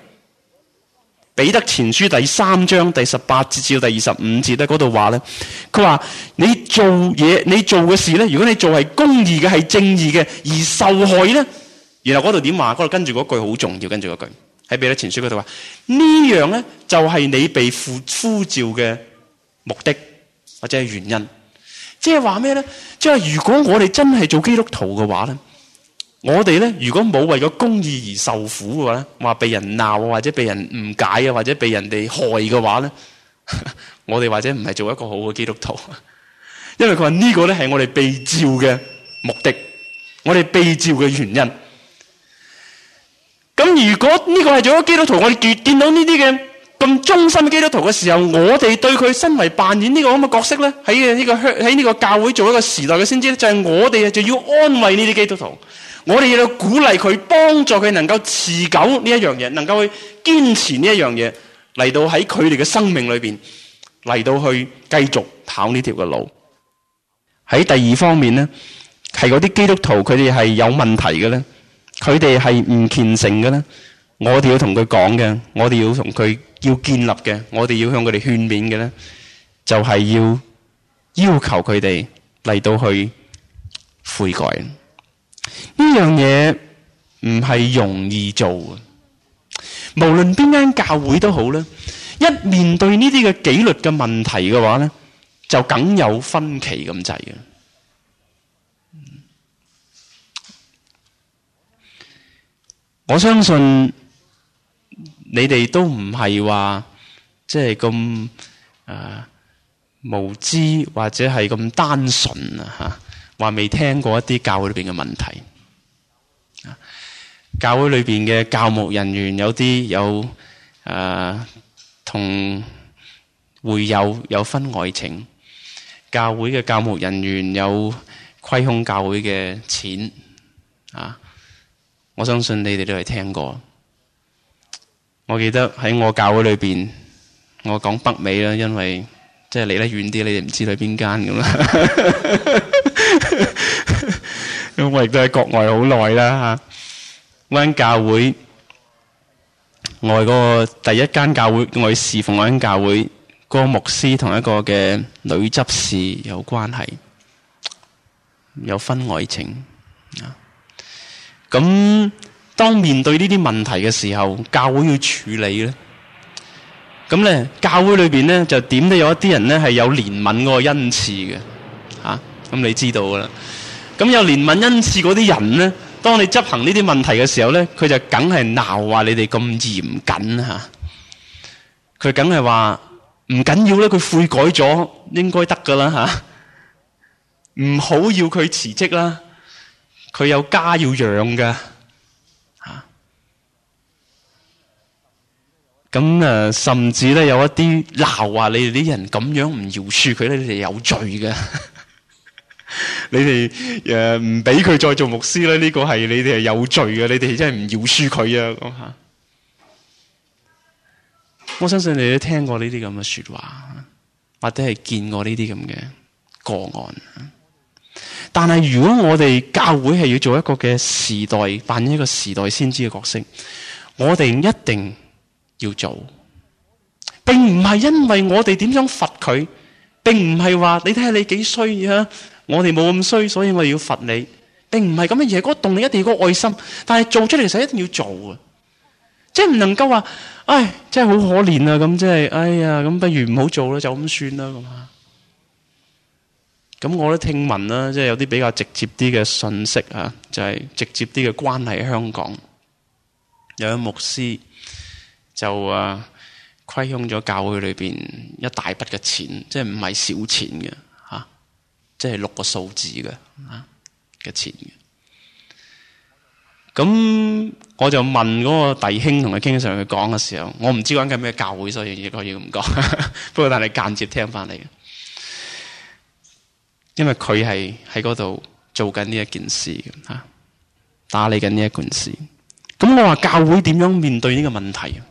彼得前書第三章第十八節至到第二十五節咧，嗰度話咧，佢話你做嘢，你做嘅事咧，如果你做係公義嘅、係正義嘅，而受害咧，然後嗰度點話？嗰度跟住嗰句好重要，跟住嗰句喺彼得前書嗰度話，呢樣咧就係你被呼呼召嘅目的或者係原因，即係話咩咧？即係如果我哋真係做基督徒嘅話咧。我哋咧，如果冇為咗公義而受苦嘅話，話被人鬧或者被人誤解啊，或者被人哋害嘅話咧，我哋或者唔係做一個好嘅基督徒。因為佢話呢個咧係我哋被召嘅目的，我哋被召嘅原因。咁如果呢個係做咗基督徒，我哋見見到呢啲嘅咁忠心嘅基督徒嘅時候，我哋對佢身為扮演、呢個咁嘅角色咧，喺呢個喺呢個教會做一個時代嘅先知咧，就係、是、我哋啊，就要安慰呢啲基督徒。我哋要鼓勵佢，幫助佢能夠持久呢一樣嘢，能夠去堅持呢一樣嘢，嚟到喺佢哋嘅生命裏邊，嚟到去繼續跑呢條嘅路。喺第二方面咧，係嗰啲基督徒，佢哋係有問題嘅咧，佢哋係唔虔誠嘅咧，我哋要同佢講嘅，我哋要同佢要建立嘅，我哋要向佢哋勸勉嘅咧，就係、是、要要求佢哋嚟到去悔改。呢樣嘢唔係容易做嘅，無論邊間教會都好啦。一面對呢啲嘅紀律嘅問題嘅話咧，就梗有分歧咁滯嘅。我相信你哋都唔係話即係咁啊無知或者係咁單純啊吓。話未聽過一啲教會裏邊嘅問題，啊！教會裏邊嘅教牧人員有啲有誒、啊，同會友有分外情，教會嘅教牧人員有虧空教會嘅錢啊！我相信你哋都係聽過，我記得喺我教會裏邊，我講北美啦，因為即係離得遠啲，你哋唔知道邊間咁啦。 我亦都喺國外好耐啦，吓我喺教會外嗰第一間教會，我侍奉喺教會，嗰個牧師同一個嘅女執事有關係，有婚外情啊。咁、嗯嗯、當面對呢啲問題嘅時候，教會要處理咧。咁咧，教會裏邊咧就點都有一啲人咧係有憐憫嗰個恩賜嘅，吓、啊、咁你知道噶啦。咁有憐憫恩賜嗰啲人咧，當你執行呢啲問題嘅時候咧，佢就梗係鬧話你哋咁嚴謹吓，佢梗係話唔緊要咧，佢悔改咗應該得噶啦吓，唔、啊、好要佢辭職啦，佢有家要養噶吓，咁、啊、誒、啊、甚至咧有一啲鬧話你哋啲人咁樣唔饒恕佢咧，你哋有罪嘅。你哋誒唔俾佢再做牧師咧？呢個係你哋係有罪嘅，你哋真係唔要輸佢啊！咁吓，我相信你都聽過呢啲咁嘅說話，或者係見過呢啲咁嘅個案。但係如果我哋教會係要做一個嘅時代扮演一個時代先知嘅角色，我哋一定要做，並唔係因為我哋點樣罰佢，並唔係話你睇下，你幾衰啊！我哋冇咁衰，所以我哋要罰你，並唔係咁嘅嘢。個動力一定要個愛心，但係做出嚟嘅時候一定要做啊！即係唔能夠話，唉、哎，真係好可憐啊！咁即係，哎呀，咁不如唔好做啦，就咁算啦咁啊！咁我都聽聞啦，即係有啲比較直接啲嘅信息啊，就係、是、直接啲嘅關係喺香港，有一牧師就啊虧空咗教會裏邊一大筆嘅錢，即係唔係少錢嘅。即係六個數字嘅嘅錢嘅，咁、啊、我就問嗰個弟兄同佢傾上去講嘅時候，我唔知講緊咩教會，所以亦可以唔講。不過但係間接聽翻嚟嘅，因為佢係喺嗰度做緊呢一件事嘅吓、啊，打理緊呢一件事。咁我話教會點樣面對呢個問題？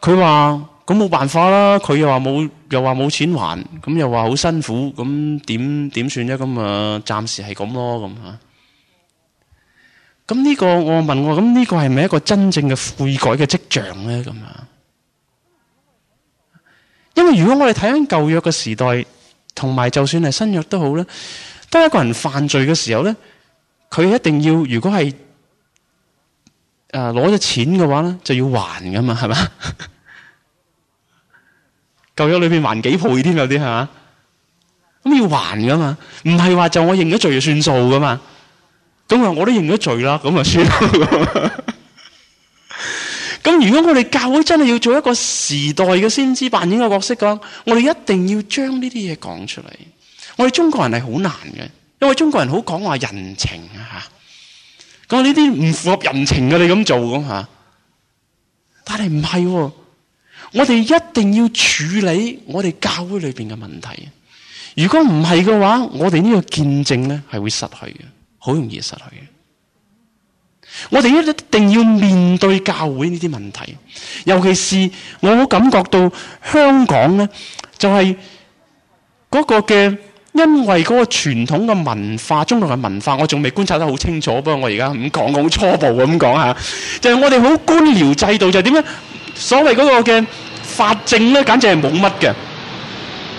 佢話。咁冇辦法啦，佢又話冇，又話冇錢還，咁又話好辛苦，咁點點算啫？咁啊，暫時係咁咯，咁吓。咁呢個我問我，咁呢個係咪一個真正嘅悔改嘅跡象咧？咁啊，因為如果我哋睇緊舊約嘅時代，同埋就算係新約都好咧，當一個人犯罪嘅時候咧，佢一定要如果係誒攞咗錢嘅話咧，就要還噶嘛，係咪？舊約裏邊還幾倍添，有啲係嘛？咁要還噶嘛？唔係話就我認咗罪就算數噶嘛？咁啊，我都認咗罪啦，咁啊算咯。咁如果我哋教會真係要做一個時代嘅先知扮演嘅角色嘅，我哋一定要將呢啲嘢講出嚟。我哋中國人係好難嘅，因為中國人好講話人情啊吓。講呢啲唔符合人情嘅，你咁做咁吓？但係唔係。我哋一定要處理我哋教會裏邊嘅問題。如果唔係嘅話，我哋呢個見證咧係會失去嘅，好容易失去嘅。我哋一定要面對教會呢啲問題。尤其是我好感覺到香港咧，就係、是、嗰個嘅，因為嗰個傳統嘅文化，中國嘅文化，我仲未觀察得好清楚，不過我而家咁講，好初步咁講吓，就係、是、我哋好官僚制度，就點、是、咧？所謂嗰個嘅法正咧，簡直係冇乜嘅。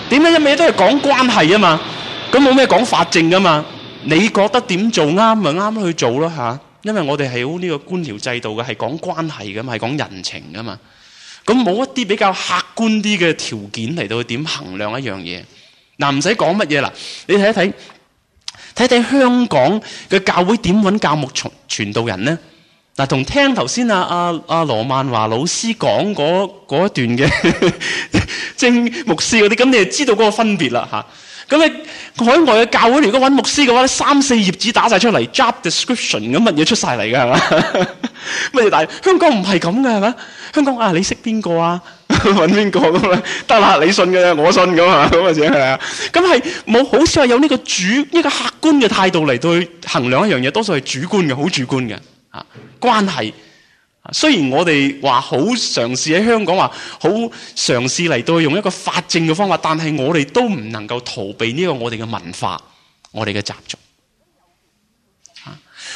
點解一味都係講關係啊嘛？咁冇咩講法正噶嘛？你覺得點做啱咪啱去做咯嚇。因為我哋係好呢個官僚制度嘅，係講關係嘅嘛，係講人情噶嘛。咁冇一啲比較客觀啲嘅條件嚟到點衡量一樣嘢嗱，唔使講乜嘢啦。你睇一睇，睇睇香港嘅教會點揾教牧傳道人咧？嗱，同聽頭先阿阿阿羅曼華老師講嗰一段嘅 正牧師嗰啲，咁你就知道嗰個分別啦嚇。咁、啊、你海外嘅教會，如果揾牧師嘅話，三四頁紙打晒出嚟，job description 咁乜嘢出晒嚟嘅係嘛？乜嘢 但香港唔係咁嘅係咪？香港啊，你識邊個啊？揾邊個咁啊？得啦，你信嘅，我信咁係嘛？咁嘅啫係啊。咁係冇好似話有呢個主一、呢個客觀嘅態度嚟對衡量一樣嘢，多數係主觀嘅，好主觀嘅。啊，關係，雖然我哋話好嘗試喺香港話好嘗試嚟到用一個法政嘅方法，但係我哋都唔能夠逃避呢個我哋嘅文化、我哋嘅習俗。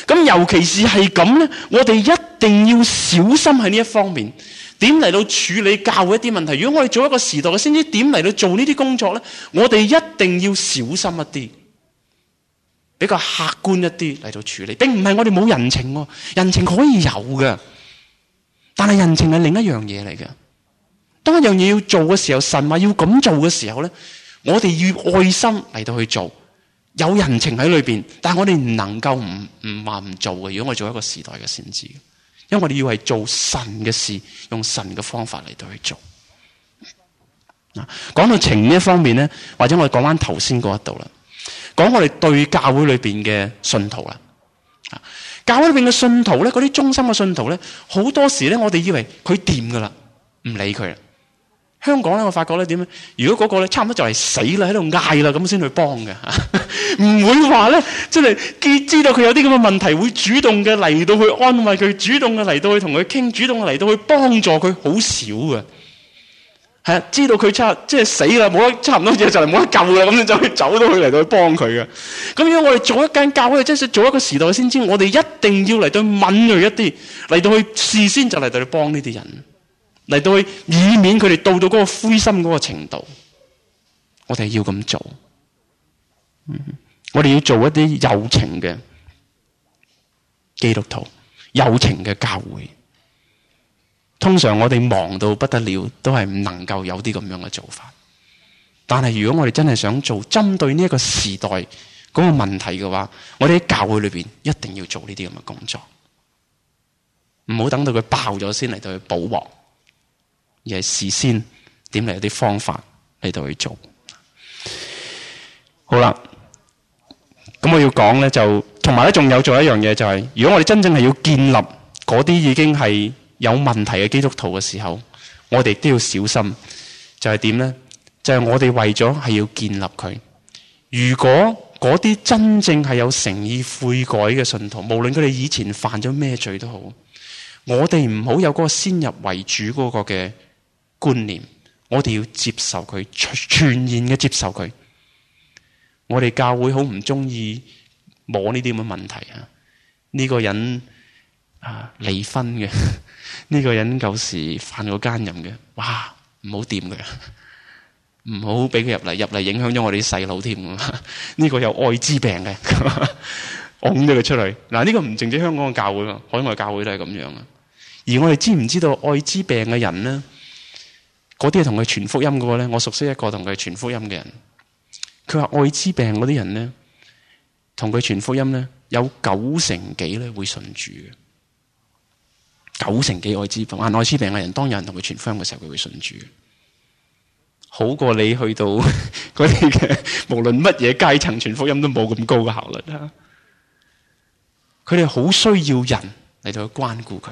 咁、啊、尤其是係咁咧，我哋一定要小心喺呢一方面。點嚟到處理教會一啲問題？如果我哋做一個時代嘅先知，點嚟到做呢啲工作咧，我哋一定要小心一啲。比較客觀一啲嚟到處理，並唔係我哋冇人情，人情可以有嘅，但係人情係另一樣嘢嚟嘅。當一樣嘢要做嘅時候，神話要咁做嘅時候咧，我哋要愛心嚟到去做，有人情喺裏邊，但是我哋唔能夠唔唔話唔做嘅。如果我哋做一個時代嘅先知，因為我哋要係做神嘅事，用神嘅方法嚟到去做。講到情呢一方面咧，或者我哋講翻頭先嗰一度啦。講我哋對教會裏邊嘅信徒啦，啊，教會裏邊嘅信徒咧，嗰啲忠心嘅信徒咧，好多時咧，我哋以為佢掂噶啦，唔理佢啦。香港咧，我發覺咧，點咧？如果嗰個咧，差唔多就係死啦，喺度嗌啦，咁先去幫嘅，唔 會話咧，即係佢知道佢有啲咁嘅問題，會主動嘅嚟到去安慰佢，主動嘅嚟到去同佢傾，主動嚟到去幫助佢，好少嘅。係啊，知道佢差即係死啦，冇得差唔多嘢就嚟，冇得救啦，咁你就可以走到去嚟到去幫佢嘅。咁樣我哋做一間教會，即係做一個時代先知，我哋一定要嚟到去敏銳一啲，嚟到去事先就嚟到去幫呢啲人，嚟到去以免佢哋到到嗰個灰心嗰個程度，我哋要咁做。嗯，我哋要做一啲有情嘅基督徒，有情嘅教會。通常我哋忙到不得了，都係唔能夠有啲咁樣嘅做法。但係如果我哋真係想做針對呢一個時代嗰個問題嘅話，我哋喺教會裏邊一定要做呢啲咁嘅工作。唔好等到佢爆咗先嚟到去補鑊，而係事先點嚟一啲方法嚟到去做。好啦，咁我要講咧就，同埋咧仲有做一樣嘢就係，是，如果我哋真正係要建立嗰啲已經係。有問題嘅基督徒嘅時候，我哋都要小心。就係點呢？就係我哋為咗係要建立佢。如果嗰啲真正係有誠意悔改嘅信徒，無論佢哋以前犯咗咩罪都好，我哋唔好有嗰個先入為主嗰個嘅觀念。我哋要接受佢，全全然嘅接受佢。我哋教會好唔中意摸呢啲咁嘅問題，這個，啊！呢個人啊離婚嘅。呢個人舊時犯過奸淫嘅，哇，唔好掂佢，唔好俾佢入嚟，入嚟影響咗我哋啲細佬添。呢、呢個有艾滋病嘅，㧬咗佢出嚟。嗱、呢、呢個唔淨止香港嘅教會啊，海外教會都係咁樣啊。而我哋知唔知道艾滋病嘅人呢？嗰啲係同佢傳福音嘅咧。我熟悉一個同佢傳福音嘅人，佢話艾滋病嗰啲人呢，同佢傳福音咧，有九成幾咧會信主。嘅。九成幾艾滋病啊！艾滋病嘅人，當有人同佢傳福音嘅時候，佢會信主，好過你去到嗰啲嘅，無論乜嘢階層傳福音都冇咁高嘅效率啦。佢哋好需要人嚟到去關顧佢。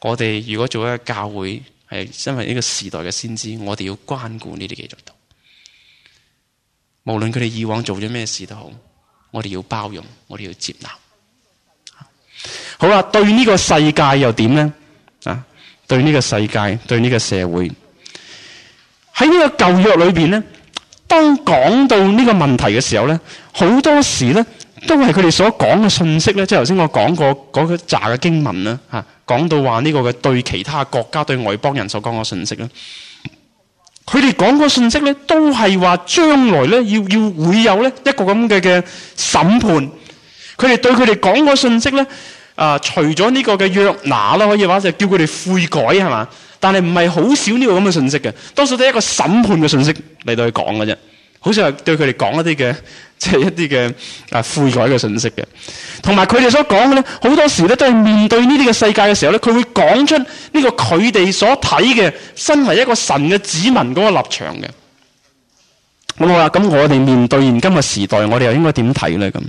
我哋如果做一個教會，係身為呢個時代嘅先知，我哋要關顧呢啲基督徒。無論佢哋以往做咗咩事都好，我哋要包容，我哋要接納。好啦、啊，對呢個世界又點咧？啊，對呢個世界，對呢個社會，喺呢個舊約裏邊咧，當講到呢個問題嘅時候咧，好多時咧都係佢哋所講嘅信息咧，即係頭先我講過嗰個炸嘅經文啦，吓講到話呢個嘅對其他國家對外邦人所講嘅信息咧，佢哋講個信息咧都係話將來咧要要會有咧一個咁嘅嘅審判，佢哋對佢哋講個信息咧。啊！除咗呢個嘅約拿啦，可以話就係叫佢哋悔改係嘛，但係唔係好少呢個咁嘅信息嘅，多數都係一個審判嘅信息嚟到去講嘅啫。好似係對佢哋講一啲嘅，即係一啲嘅啊悔改嘅信息嘅。同埋佢哋所講嘅咧，好多時咧都係面對呢啲嘅世界嘅時候咧，佢會講出呢個佢哋所睇嘅身為一個神嘅子民嗰個立場嘅。咁好啦咁，我哋面對現今嘅時代，我哋又應該點睇咧咁？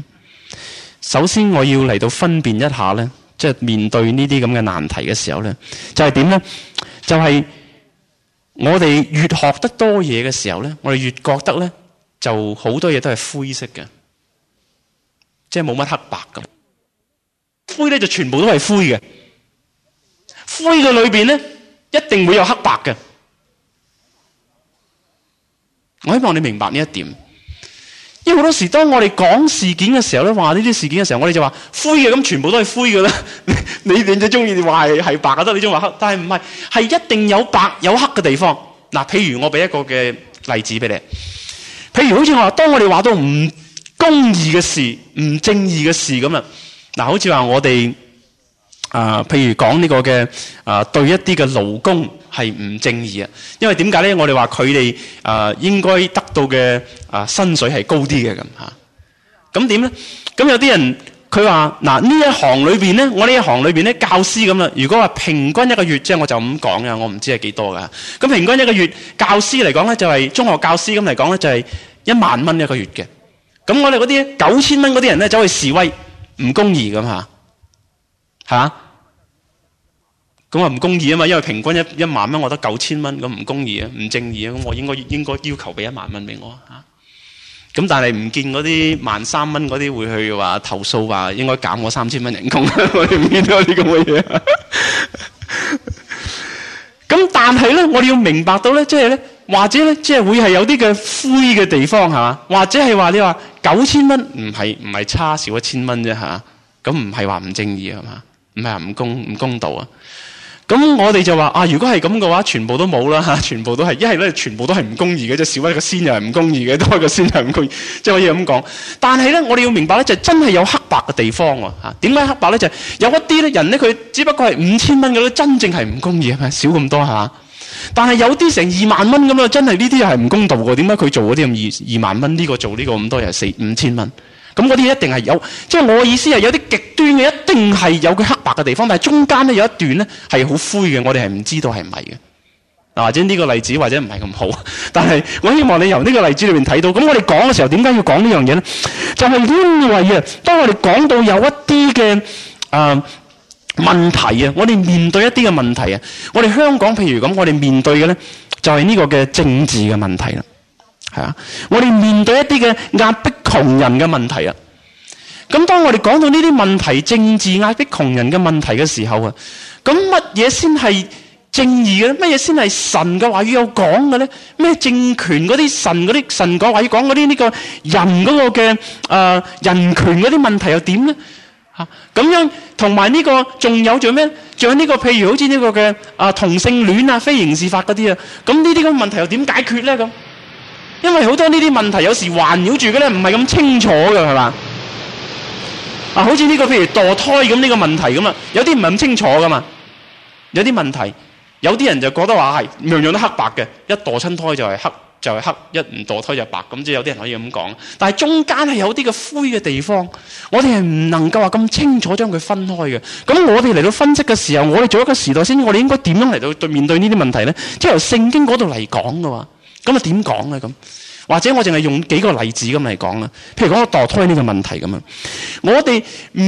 首先，我要嚟到分辨一下呢，即係面對呢啲咁嘅難題嘅時候呢，就係點呢？就係我哋越學得多嘢嘅時候呢，我哋越覺得呢就好多嘢都係灰色嘅，即係冇乜黑白咁。灰咧就全部都係灰嘅，灰嘅裏邊呢，一定會有黑白嘅。我希望你明白呢一點。因好多時，當我哋講事件嘅時候咧，話呢啲事件嘅時候，我哋就話灰嘅，咁全部都係灰嘅啦。 你你你最中意話係係白嘅多，你中意話黑，但係唔係，係一定有白有黑嘅地方。嗱、啊，譬如我俾一個嘅例子俾你，譬如好似我話，當我哋話到唔公義嘅事、唔正義嘅事咁啊，嗱，好似話我哋。啊，譬、呃、如講呢個嘅啊、呃，對一啲嘅勞工係唔正義啊，因為點解咧？我哋話佢哋啊，應該得到嘅啊薪水係高啲嘅咁吓，咁點咧？咁、嗯、有啲人佢話嗱，呢一行裏邊咧，我呢一行裏邊咧，教師咁啦。如果話平均一個月，即係我就咁講噶，我唔知係幾多噶。咁、嗯、平均一個月教師嚟講咧，就係中學教師咁嚟講咧，就係一萬蚊一個月嘅。咁、嗯、我哋嗰啲九千蚊嗰啲人咧，走去示威，唔公義咁吓。吓，咁我唔公義啊嘛，因為平均一一萬蚊，我得九千蚊，咁唔公義啊，唔正義啊，咁我應該應該要求俾一萬蚊俾我啊，嚇。咁但係唔見嗰啲萬三蚊嗰啲會去話投訴話、啊、應該減我三千蚊人工，我哋唔見到啲咁嘅嘢。咁 但係咧，我哋要明白到咧，即係咧，或者咧，即係會係有啲嘅灰嘅地方係嘛？或者係話你話九千蚊唔係唔係差少一千蚊啫嚇，咁唔係話唔正義係嘛？唔係唔公唔公道啊。咁我哋就話啊，如果係咁嘅話，全部都冇啦吓，全部都係一係咧，全部都係唔公義嘅，就少一個先又係唔公義嘅，多一個先又係唔公義，即係可以咁講。但係咧，我哋要明白咧，就是，真係有黑白嘅地方喎，啊、吓。點解黑白咧？就是，有一啲咧人咧，佢只不過係五千蚊嘅咧，真正係唔公義啊嘛，少咁多係嘛。但係有啲成二萬蚊咁樣，真係呢啲又係唔公道嘅。點解佢做嗰啲咁二二萬蚊呢，這個做呢個咁多又係四五千蚊？咁嗰啲一定係有，即係我意思係有啲極端嘅，一定係有佢黑白嘅地方，但係中間咧有一段咧係好灰嘅，我哋係唔知道係唔係嘅。嗱，即係呢個例子或者唔係咁好，但係我希望你由呢個例子裏面睇到，咁我哋講嘅時候點解要講呢樣嘢咧？就係因為啊，當我哋講到有一啲嘅啊問題啊，我哋面對一啲嘅問題啊，我哋香港譬如咁，我哋面對嘅咧就係呢個嘅政治嘅問題啦，係啊，我哋面對一啲嘅壓迫。窮人嘅問題啊，咁當我哋講到呢啲問題，政治壓迫窮人嘅問題嘅時候啊，咁乜嘢先係正義嘅咧？乜嘢先係神嘅話要有講嘅咧？咩政權嗰啲神嗰啲神嗰話要講嗰啲呢個人嗰個嘅誒、呃、人權嗰啲問題又點咧？吓、啊、咁樣同埋、這個、呢還、這個仲有仲咩？仲有呢個譬如好似呢個嘅啊同性戀啊非刑事法嗰啲啊，咁呢啲咁嘅問題又點解決咧？咁？因為好多呢啲問題有時環繞住嘅咧，唔係咁清楚嘅，係嘛？啊，好似呢個譬如墮胎咁呢個問題咁啊，有啲唔係咁清楚噶嘛？有啲問題，有啲人就覺得話係樣樣都黑白嘅，一墮親胎就係黑，就係黑；一唔墮胎就白。咁即係有啲人可以咁講，但係中間係有啲嘅灰嘅地方，我哋係唔能夠話咁清楚將佢分開嘅。咁我哋嚟到分析嘅時候，我哋做一個時代先，我哋應該點樣嚟到對面對呢啲問題咧？即係由聖經嗰度嚟講嘅話。咁啊？點講咧？咁或者我淨係用幾個例子咁嚟講。譬如講個墮胎呢個問題咁樣，我哋唔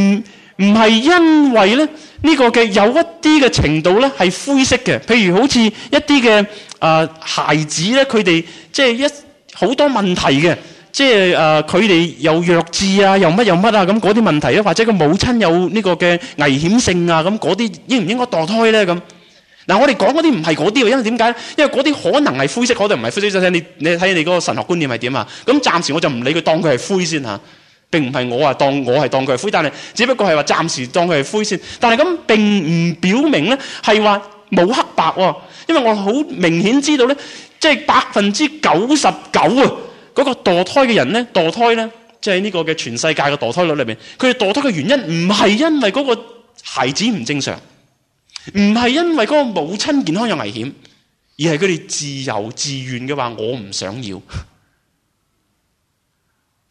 唔係因為咧呢、這個嘅有一啲嘅程度咧係灰色嘅。譬如好似一啲嘅啊孩子咧，佢哋即係一好多問題嘅，即係啊佢哋又弱智啊，又乜又乜啊咁嗰啲問題啊，或者母親個母親有呢個嘅危險性啊，咁嗰啲應唔應該墮胎咧咁？嗱，我哋講嗰啲唔係嗰啲喎，因為點解咧？因為嗰啲可能係灰色，可能唔係灰色。所以你看看你睇你嗰個神學觀念係點啊？咁暫時我就唔理佢，當佢係灰先嚇。並唔係我啊，當我係當佢係灰，但係只不過係話暫時當佢係灰先。但係咁並唔表明咧係話冇黑白喎，因為我好明顯知道咧，即係百分之九十九啊嗰個墮胎嘅人咧墮胎咧，即係呢個嘅全世界嘅墮胎率裏邊，佢哋墮胎嘅原因唔係因為嗰個孩子唔正常。唔係因為嗰個母親健康有危險，而係佢哋自由自願嘅話，我唔想要，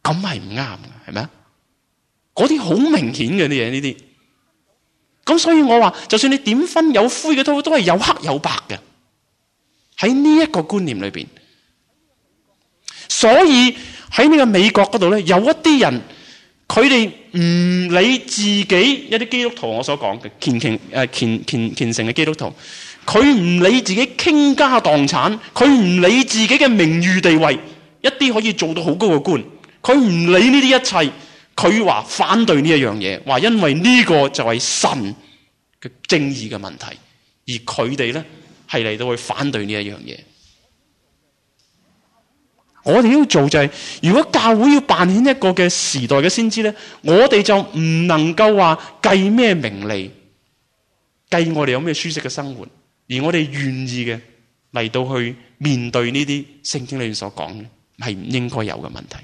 咁係唔啱嘅，係咪啊？嗰啲好明顯嘅啲嘢呢啲，咁所以我話，就算你點分有灰嘅都都係有黑有白嘅，喺呢一個觀念裏邊，所以喺呢個美國嗰度咧，有一啲人。佢哋唔理自己一啲基，基督徒，我所講嘅虔虔誒虔虔虔誠嘅基督徒，佢唔理自己傾家蕩產，佢唔理自己嘅名譽地位，一啲可以做到好高嘅官，佢唔理呢啲一切，佢話反對呢一樣嘢，話因為呢個就係神嘅正義嘅問題，而佢哋咧係嚟到去反對呢一樣嘢。我哋要做就係，如果教會要扮演一個嘅時代嘅先知咧，我哋就唔能夠話計咩名利，計我哋有咩舒適嘅生活，而我哋願意嘅嚟到去面對呢啲聖經裏面所講嘅，係唔應該有嘅問題。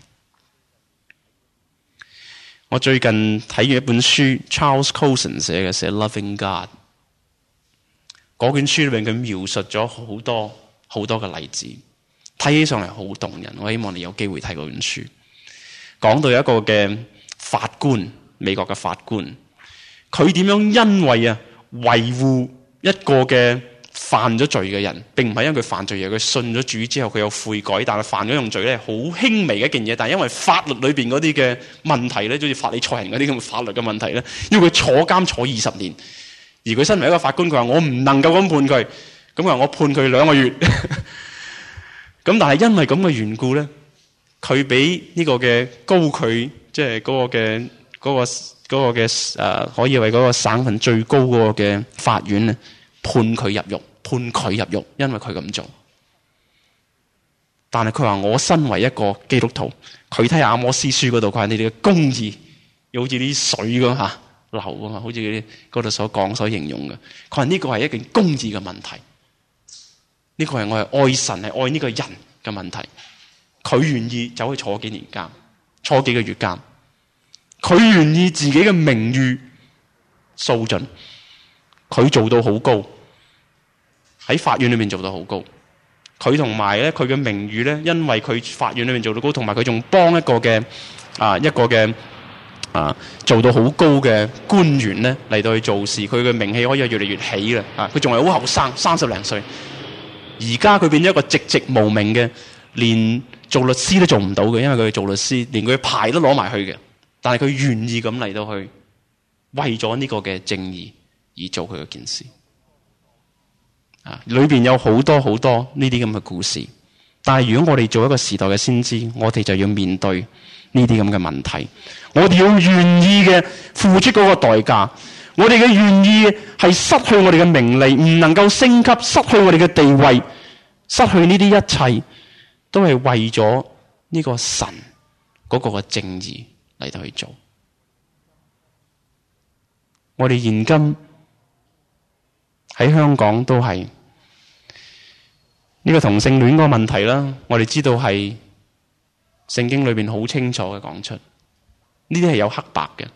我最近睇咗一本書，Charles Colson 寫嘅《寫 Loving God》，嗰卷書裏面，佢描述咗好多好多嘅例子。睇起上嚟好動人，我希望你有機會睇嗰本書。講到一個嘅法官，美國嘅法官，佢點樣因為啊維護一個嘅犯咗罪嘅人，並唔係因為佢犯罪嘢，佢信咗主之後佢有悔改，但係犯咗用罪咧，好輕微嘅一件嘢，但係因為法律裏邊嗰啲嘅問題咧，好似法理裁人嗰啲咁嘅法律嘅問題咧，要佢坐監坐二十年。而佢身為一個法官，佢話我唔能夠咁判佢，咁佢話我判佢兩個月。 咁但係因為咁嘅緣故咧，佢俾呢個嘅高佢，即係嗰個嘅嗰、嗰個嗰、嗰個嘅，誒、呃，可以，以為嗰個省份最高嗰個嘅法院咧判佢入獄，判佢入獄，因為佢咁做。但係佢話我身為一個基督徒，佢睇阿摩司書嗰度，佢話你哋嘅公義，好似啲水咁吓，流啊嘛，好似嗰啲嗰度所講所形容嘅，佢話呢個係一件公義嘅問題。呢個係我係愛神，係愛呢個人嘅問題。佢願意走去坐幾年監，坐幾個月監。佢願意自己嘅名譽掃盡，佢做到好高喺法院裏面做到好高。佢同埋咧，佢嘅名譽咧，因為佢法院裏面做到高，同埋佢仲幫一個嘅啊，一個嘅啊，做到好高嘅官員咧嚟到去做事，佢嘅名氣可以越嚟越起啦。啊，佢仲係好後生，三十零歲。而家佢變咗一個寂寂無名嘅，連做律師都做唔到嘅，因為佢做律師，連佢牌都攞埋去嘅。但係佢願意咁嚟到去，為咗呢個嘅正義而做佢嘅件事。啊，裏邊有好多好多呢啲咁嘅故事。但係如果我哋做一個時代嘅先知，我哋就要面對呢啲咁嘅問題，我哋要願意嘅付出嗰個代價。我哋嘅願意係失去我哋嘅名利，唔能夠升級，失去我哋嘅地位，失去呢啲一切，都係為咗呢個神嗰個嘅正義嚟到去做。我哋現今喺香港都係呢個同性戀嗰個問題啦，我哋知道係聖經裏邊好清楚嘅講出，呢啲係有黑白嘅。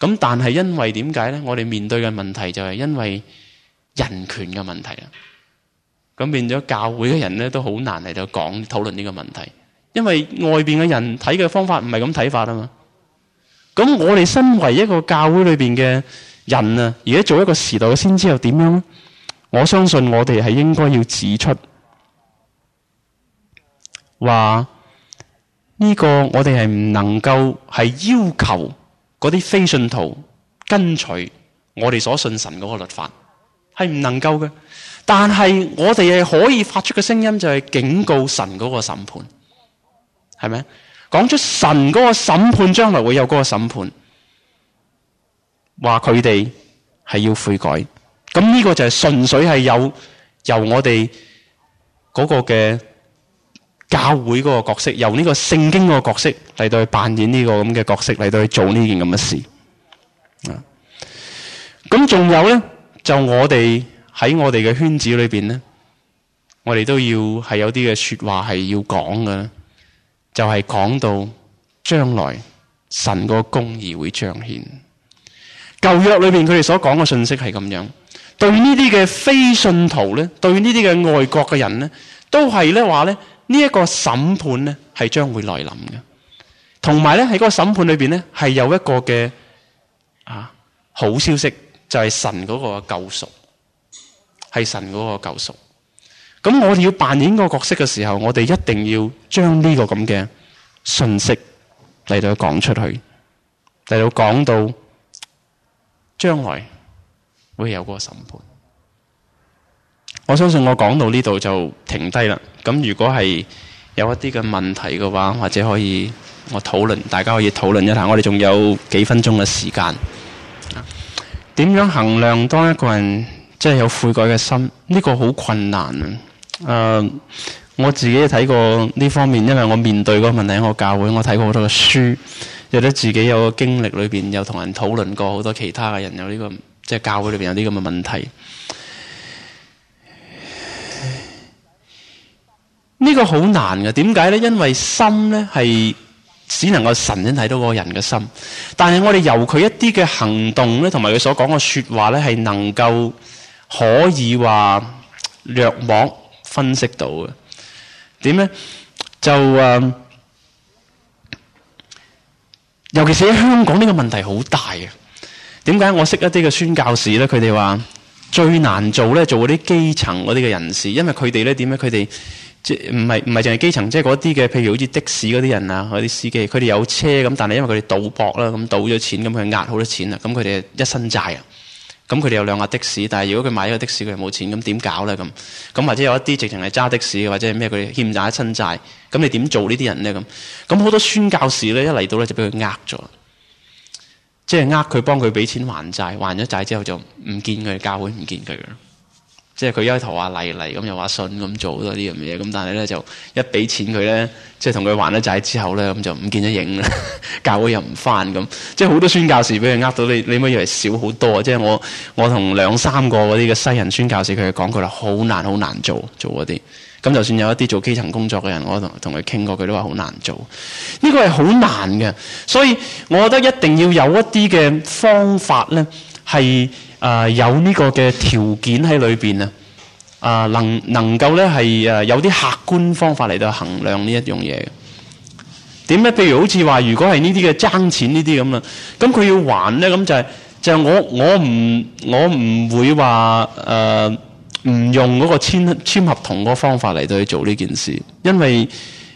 咁但係因為點解咧？我哋面對嘅問題就係因為人權嘅問題啦。咁變咗教會嘅人咧都好難嚟到講討論呢個問題，因為外邊嘅人睇嘅方法唔係咁睇法啊嘛。咁我哋身為一個教會裏邊嘅人啊，而家做一個時代嘅先知又點樣咧？我相信我哋係應該要指出，話呢個我哋係唔能夠係要求。嗰啲非信徒跟隨我哋所信神嗰個律法係唔能夠嘅，但係我哋係可以發出嘅聲音就係警告神嗰個審判，係咪講出神嗰個審判將來會有嗰個審判，話佢哋係要悔改，咁呢個就係純粹係有由我哋嗰個嘅。教會嗰個角色，由呢個聖經個角色嚟到去扮演呢個咁嘅角色嚟到去做呢件咁嘅事。啊、嗯，咁仲有咧，就我哋喺我哋嘅圈子裏邊咧，我哋都要係有啲嘅說話係要講嘅，就係、是、講到將來神個公義會彰顯舊約裏邊佢哋所講嘅信息係咁樣，對呢啲嘅非信徒咧，對呢啲嘅外國嘅人咧，都係咧話咧。呢一個審判咧，係將會來臨嘅。同埋咧，喺嗰個審判裏邊咧，係有一個嘅啊好消息，就係神嗰個救贖，係神嗰個救贖。咁我哋要扮演呢個角色嘅時候，我哋一定要將呢個咁嘅信息嚟到講出去，嚟到講到將來會有個審判。我相信我講到呢度就停低啦。咁如果係有一啲嘅問題嘅話，或者可以我討論，大家可以討論一下。我哋仲有幾分鐘嘅時間，點樣衡量當一個人即係有悔改嘅心？呢個好困難啊！呃，我自己睇過呢方面，因為我面對個問題喺我教會，我睇過好多嘅書，亦都自己有個經歷裏邊有同人討論過好多其他嘅人有呢個即係教會裏邊有啲咁嘅問題。呢個好難嘅，點解呢？因為心呢，係只能夠神先睇到個人嘅心，但係我哋由佢一啲嘅行動呢，同埋佢所講嘅說話呢，係能夠可以話略往分析到嘅。點呢？就誒、呃，尤其是喺香港呢，這個問題好大嘅。點解我識一啲嘅宣教士呢，佢哋話最難做呢，做嗰啲基層嗰啲嘅人士，因為佢哋呢，點解佢哋。即唔係唔係淨係基層，即係嗰啲嘅，譬如好似的士嗰啲人啊，嗰啲司機，佢哋有車咁，但係因為佢哋賭博啦，咁賭咗錢，咁佢壓好多錢啊，咁佢哋一身債啊。咁佢哋有兩架的士，但係如果佢買咗個的士，佢又冇錢，咁點搞咧？咁咁或者有一啲直情係揸的士，或者係咩佢欠曬一身債，咁你點做這些人呢啲人咧？咁咁好多宣教士咧，一嚟到咧就俾佢呃咗，即係呃佢幫佢俾錢還債，還咗債之後就唔見佢教會唔見佢，唔見佢啦。即係佢一頭話嚟，嚟咁又話信咁做多啲咁嘢，咁但係咧就一俾錢佢咧，即係同佢還咗債之後咧，咁就唔見咗影啦，教會又唔翻咁，即係好多宣教士俾佢呃到你，你咪以為少好多啊！即係我我同兩三個嗰啲嘅西人宣教士佢講佢話好難好難做做嗰啲，咁就算有一啲做基層工作嘅人，我同同佢傾過，佢都話好難做，呢個係好難嘅，所以我覺得一定要有一啲嘅方法咧係。啊、呃，有呢個嘅條件喺裏邊啊，啊、呃、能能夠咧係誒有啲客觀方法嚟到衡量呢一樣嘢。點咧？譬如好似話，如果係呢啲嘅爭錢呢啲咁啦，咁佢要還咧，咁就係、是、就係、是、我我唔我唔會話誒唔用嗰個簽簽合同嗰個方法嚟到去做呢件事，因為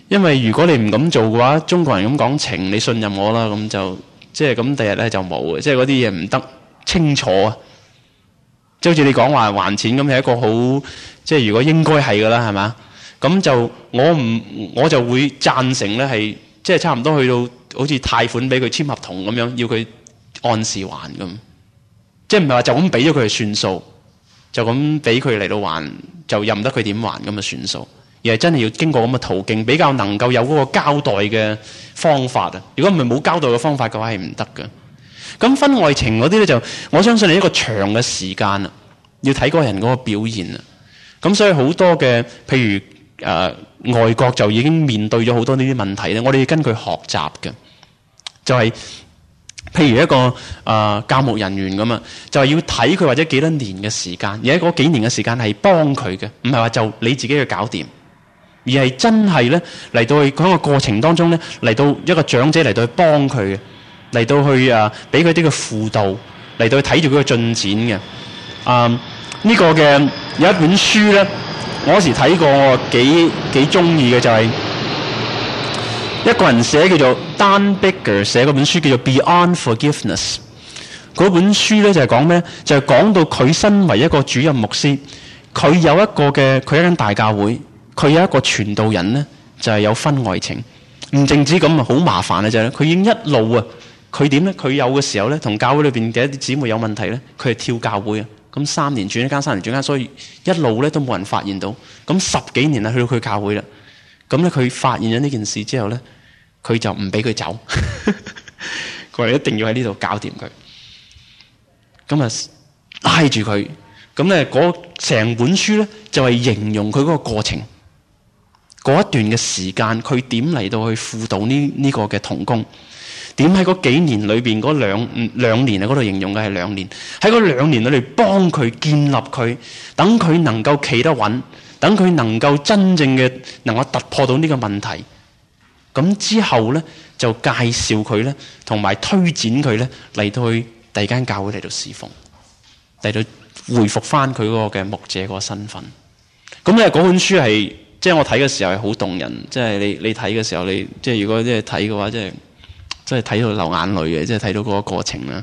因為如果你唔咁做嘅話，中國人咁講情，你信任我啦，咁就即係咁第日咧就冇嘅，即係嗰啲嘢唔得清楚啊。即係好似你講話還錢咁，係一個好即係如果應該係噶啦，係嘛？咁就我唔我就會贊成咧，係即係差唔多去到好似貸款俾佢簽合同咁樣，要佢按時還咁。即係唔係話就咁俾咗佢算數，就咁俾佢嚟到還就任得佢點還咁啊算數，而係真係要經過咁嘅途徑，比較能夠有嗰個交代嘅方法啊！如果唔係冇交代嘅方法嘅話，係唔得嘅。咁婚外情嗰啲咧，就我相信係一個長嘅時間，要睇個人嗰個表現啦。咁所以好多嘅，譬如誒、呃、外國就已經面對咗好多呢啲問題咧。我哋要跟佢學習嘅，就係、是、譬如一個誒、呃、教務人員咁啊，就係、是、要睇佢或者幾多年嘅時間，而喺嗰幾年嘅時間係幫佢嘅，唔係話就你自己去搞掂，而係真係咧嚟到佢個過程當中咧，嚟到一個長者嚟到去幫佢嘅。嚟到去啊，俾佢啲嘅輔導，嚟到睇住佢嘅進展嘅。嗯，呢個嘅有一本書咧，我嗰時睇過，我幾幾中意嘅就係一個人寫，叫做 Dan Baker 寫嗰本書叫做 Beyond Forgiveness。嗰本書咧就係講咩？就係講到佢身為一個主任牧師，佢有一個嘅佢一間大教會，佢有一個傳道人咧就係有婚外情，唔淨止咁啊，好麻煩啊，就係佢已經一路啊。佢點咧？佢有嘅時候咧，同教會裏邊嘅一啲姊妹有問題咧，佢係跳教會啊！咁三年轉一間，三年轉間，所以一路咧都冇人發現到。咁十幾年啦，去到佢教會啦，咁咧佢發現咗呢件事之後咧，佢就唔俾佢走，佢 係一定要喺呢度搞掂佢。咁啊拉住佢，咁咧嗰成本書咧就係、係、形容佢嗰個過程，嗰一段嘅時間佢點嚟到去輔導呢呢、呢個嘅童工。點喺嗰幾年裏邊嗰兩兩年啊？嗰度形容嘅，係兩年，喺嗰兩年裏邊幫佢建立佢，等佢能夠企得穩，等佢能夠真正嘅能夠突破到呢個問題。咁之後咧就介紹佢咧，同埋推薦佢咧嚟到去第二間教會嚟到侍奉，嚟到回復翻佢嗰個嘅牧者個身份。咁咧嗰本書係即係我睇嘅時候係好動人，即係你你睇嘅時候你即係如果即係睇嘅話即係。即係睇到流眼淚嘅，即係睇到嗰個過程啦。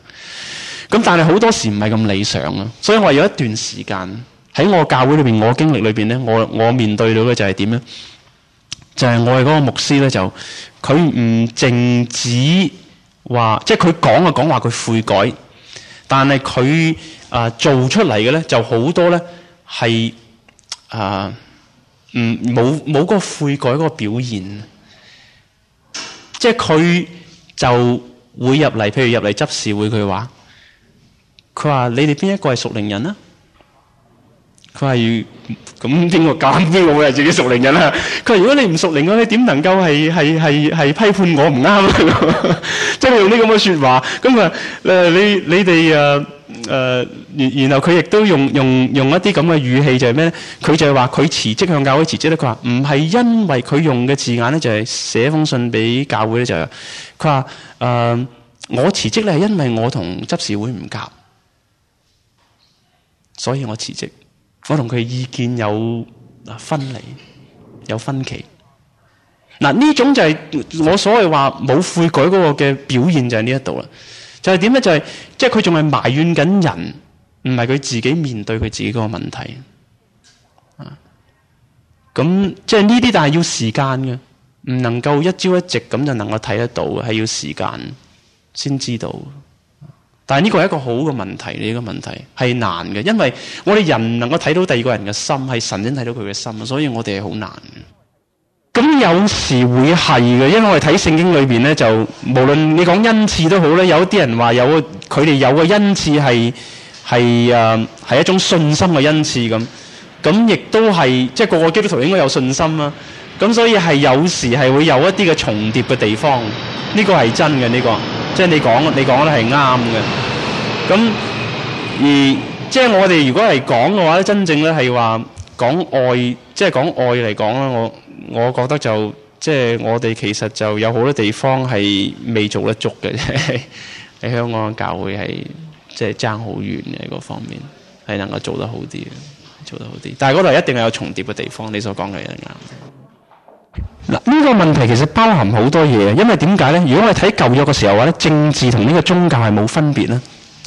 咁但係好多時唔係咁理想咯。所以我有一段時間喺我教會裏邊，我經歷裏邊咧，我我面對到嘅就係點咧？就係、是、我哋嗰個牧師咧，就佢唔淨止話，即係佢講啊講話佢悔改，但係佢啊做出嚟嘅咧就好多咧係啊，唔冇冇個悔改嘅個表現，即係佢。就會入嚟，譬如入嚟執事會佢話，佢話你哋邊一個係熟靈人啦？佢話咁邊個咁邊個會係自己熟靈人啦？佢話如果你唔熟靈嘅，你點能夠係係係係批判我唔啱？即係用啲咁嘅說話，咁啊誒你你哋誒。誒、呃，然然後佢亦都用用用一啲咁嘅語氣就係咩咧？佢就係話佢辭職，向教會辭職咧。佢話唔係因為佢用嘅字眼咧，就係寫封信俾教會咧就。佢話誒，我辭職咧係因為我同執事會唔夾，所以我辭職。我同佢意見有分離，有分歧。嗱，呢種就係我所謂話冇悔改嗰個嘅表現就係呢一度啦。就係點咧？就係即係佢仲係埋怨緊人，唔係佢自己面對佢自己嗰個問題啊！咁即係呢啲，就是、但係要時間嘅，唔能夠一朝一夕咁就能夠睇得到，係要時間先知道。但係呢個係一個好嘅問題，呢、這個問題係難嘅，因為我哋人能夠睇到第二個人嘅心，係神先睇到佢嘅心，所以我哋係好難。咁有時會係嘅，因為我哋睇聖經裏邊咧，就無論你講恩賜都好咧，有啲人話有佢哋有個恩賜係係誒係一種信心嘅恩賜咁，咁亦都係即係個個基督徒應該有信心啦。咁所以係有時係會有一啲嘅重疊嘅地方，呢個係真嘅呢個，即係你講你講得係啱嘅。咁而即係我哋如果係講嘅話咧，真正咧係話講愛，即係講愛嚟講啦，我。我覺得就即係、就是、我哋其實就有好多地方係未做得足嘅，喺 香港教會係即係爭好遠嘅一方面，係能夠做得好啲，做得好啲。但係嗰度一定係有重疊嘅地方，你所講嘅係啱。嗱，呢個問題其實包含好多嘢，因為點解呢？如果我哋睇舊約嘅時候咧，政治同呢個宗教係冇分別啦，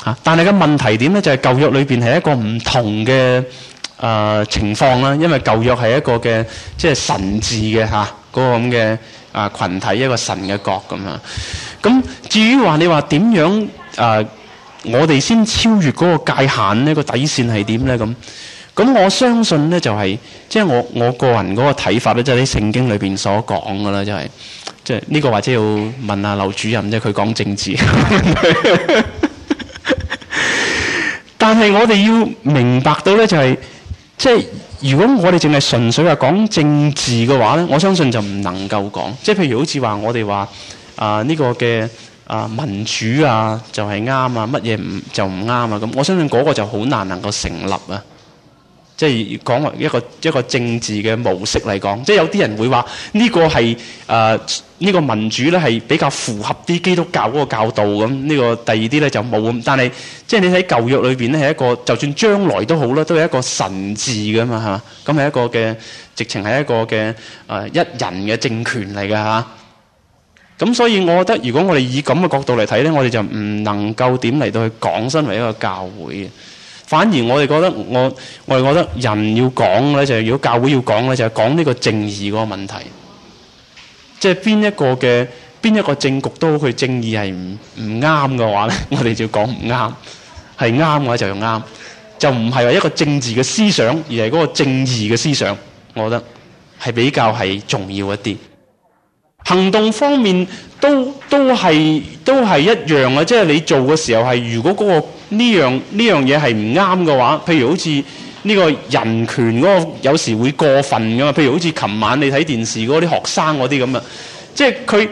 嚇。但係個問題點呢，就係、是、舊約裏邊係一個唔同嘅。誒、呃、情況啦，因為舊約係一個嘅即係神治嘅嚇嗰個咁嘅啊羣體一個神嘅國咁啊。咁至於話你話點樣誒、啊，我哋先超越嗰個界限呢、那個底線係點咧咁？咁我相信咧就係、是、即係我我個人嗰個睇法咧，即係啲聖經裏邊所講噶啦，就係即係呢個或者要問下劉主任即啫，佢、就、講、是、政治。 但係我哋要明白到咧，就係、是。即係如果我哋淨係純粹話講政治嘅話咧，我相信就唔能夠講。即係譬如好似話我哋話啊呢個嘅啊、呃、民主啊就係啱啊，乜嘢唔就唔啱啊咁。那我相信嗰個就好難能夠成立啊。即係講一個一個政治嘅模式嚟講，即係有啲人會話呢、這個係誒呢個民主咧係比較符合啲基督教嗰個教導咁，呢、這個第二啲咧就冇咁。但係即係你喺舊約裏邊咧係一個，就算將來都好啦，都係一個神治嘅嘛，係嘛？咁係一個嘅，直情係一個嘅誒、呃、一人嘅政權嚟嘅嚇。咁、啊、所以我覺得，如果我哋以咁嘅角度嚟睇咧，我哋就唔能夠點嚟到去講身為一個教會嘅。反而我哋覺得，我我係覺得人要講咧，就係如果教會要講咧，就係講呢個正義嗰個問題。即係邊一個嘅邊一個政局都佢正義係唔唔啱嘅話咧，我哋就要講唔啱。係啱嘅話就要啱，就唔係話一個政治嘅思想，而係嗰個正義嘅思想。我覺得係比較係重要一啲。行動方面都都係都係一樣啊！即係你做嘅時候係如果嗰個。呢樣呢樣嘢係唔啱嘅話，譬如好似呢個人權嗰個有時會過分噶嘛，譬如好似琴晚你睇電視嗰啲學生嗰啲咁啊，即係佢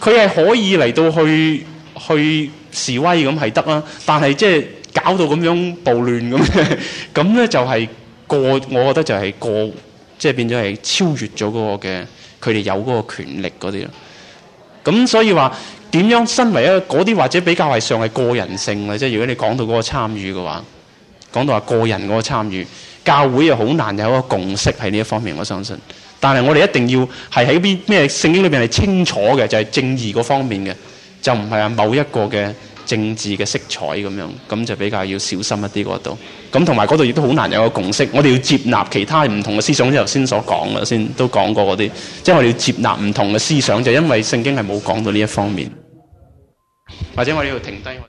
佢係可以嚟到去去示威咁係得啦，但係即係搞到咁樣暴亂咁，咁咧就係過，我覺得就係過，即係變咗係超越咗嗰個嘅佢哋有嗰個權力嗰啲咯，咁所以話。點樣身為一嗰啲或者比較係上係個人性嘅？即係如果你講到嗰個參與嘅話，講到話個人嗰個參與，教會又好難有一個共識喺呢一方面。我相信，但係我哋一定要係喺啲咩聖經裏面係清楚嘅，就係正義嗰方面嘅，就唔係某一個嘅政治嘅色彩咁樣，咁就比較要小心一啲嗰度。咁同埋嗰度亦都好難有個共識。我哋要接納其他唔同嘅思想，我頭先所講嘅先都講過嗰啲，即係我哋要接納唔同嘅思想，就因為聖經係冇講到呢一方面。或者我呢度停低。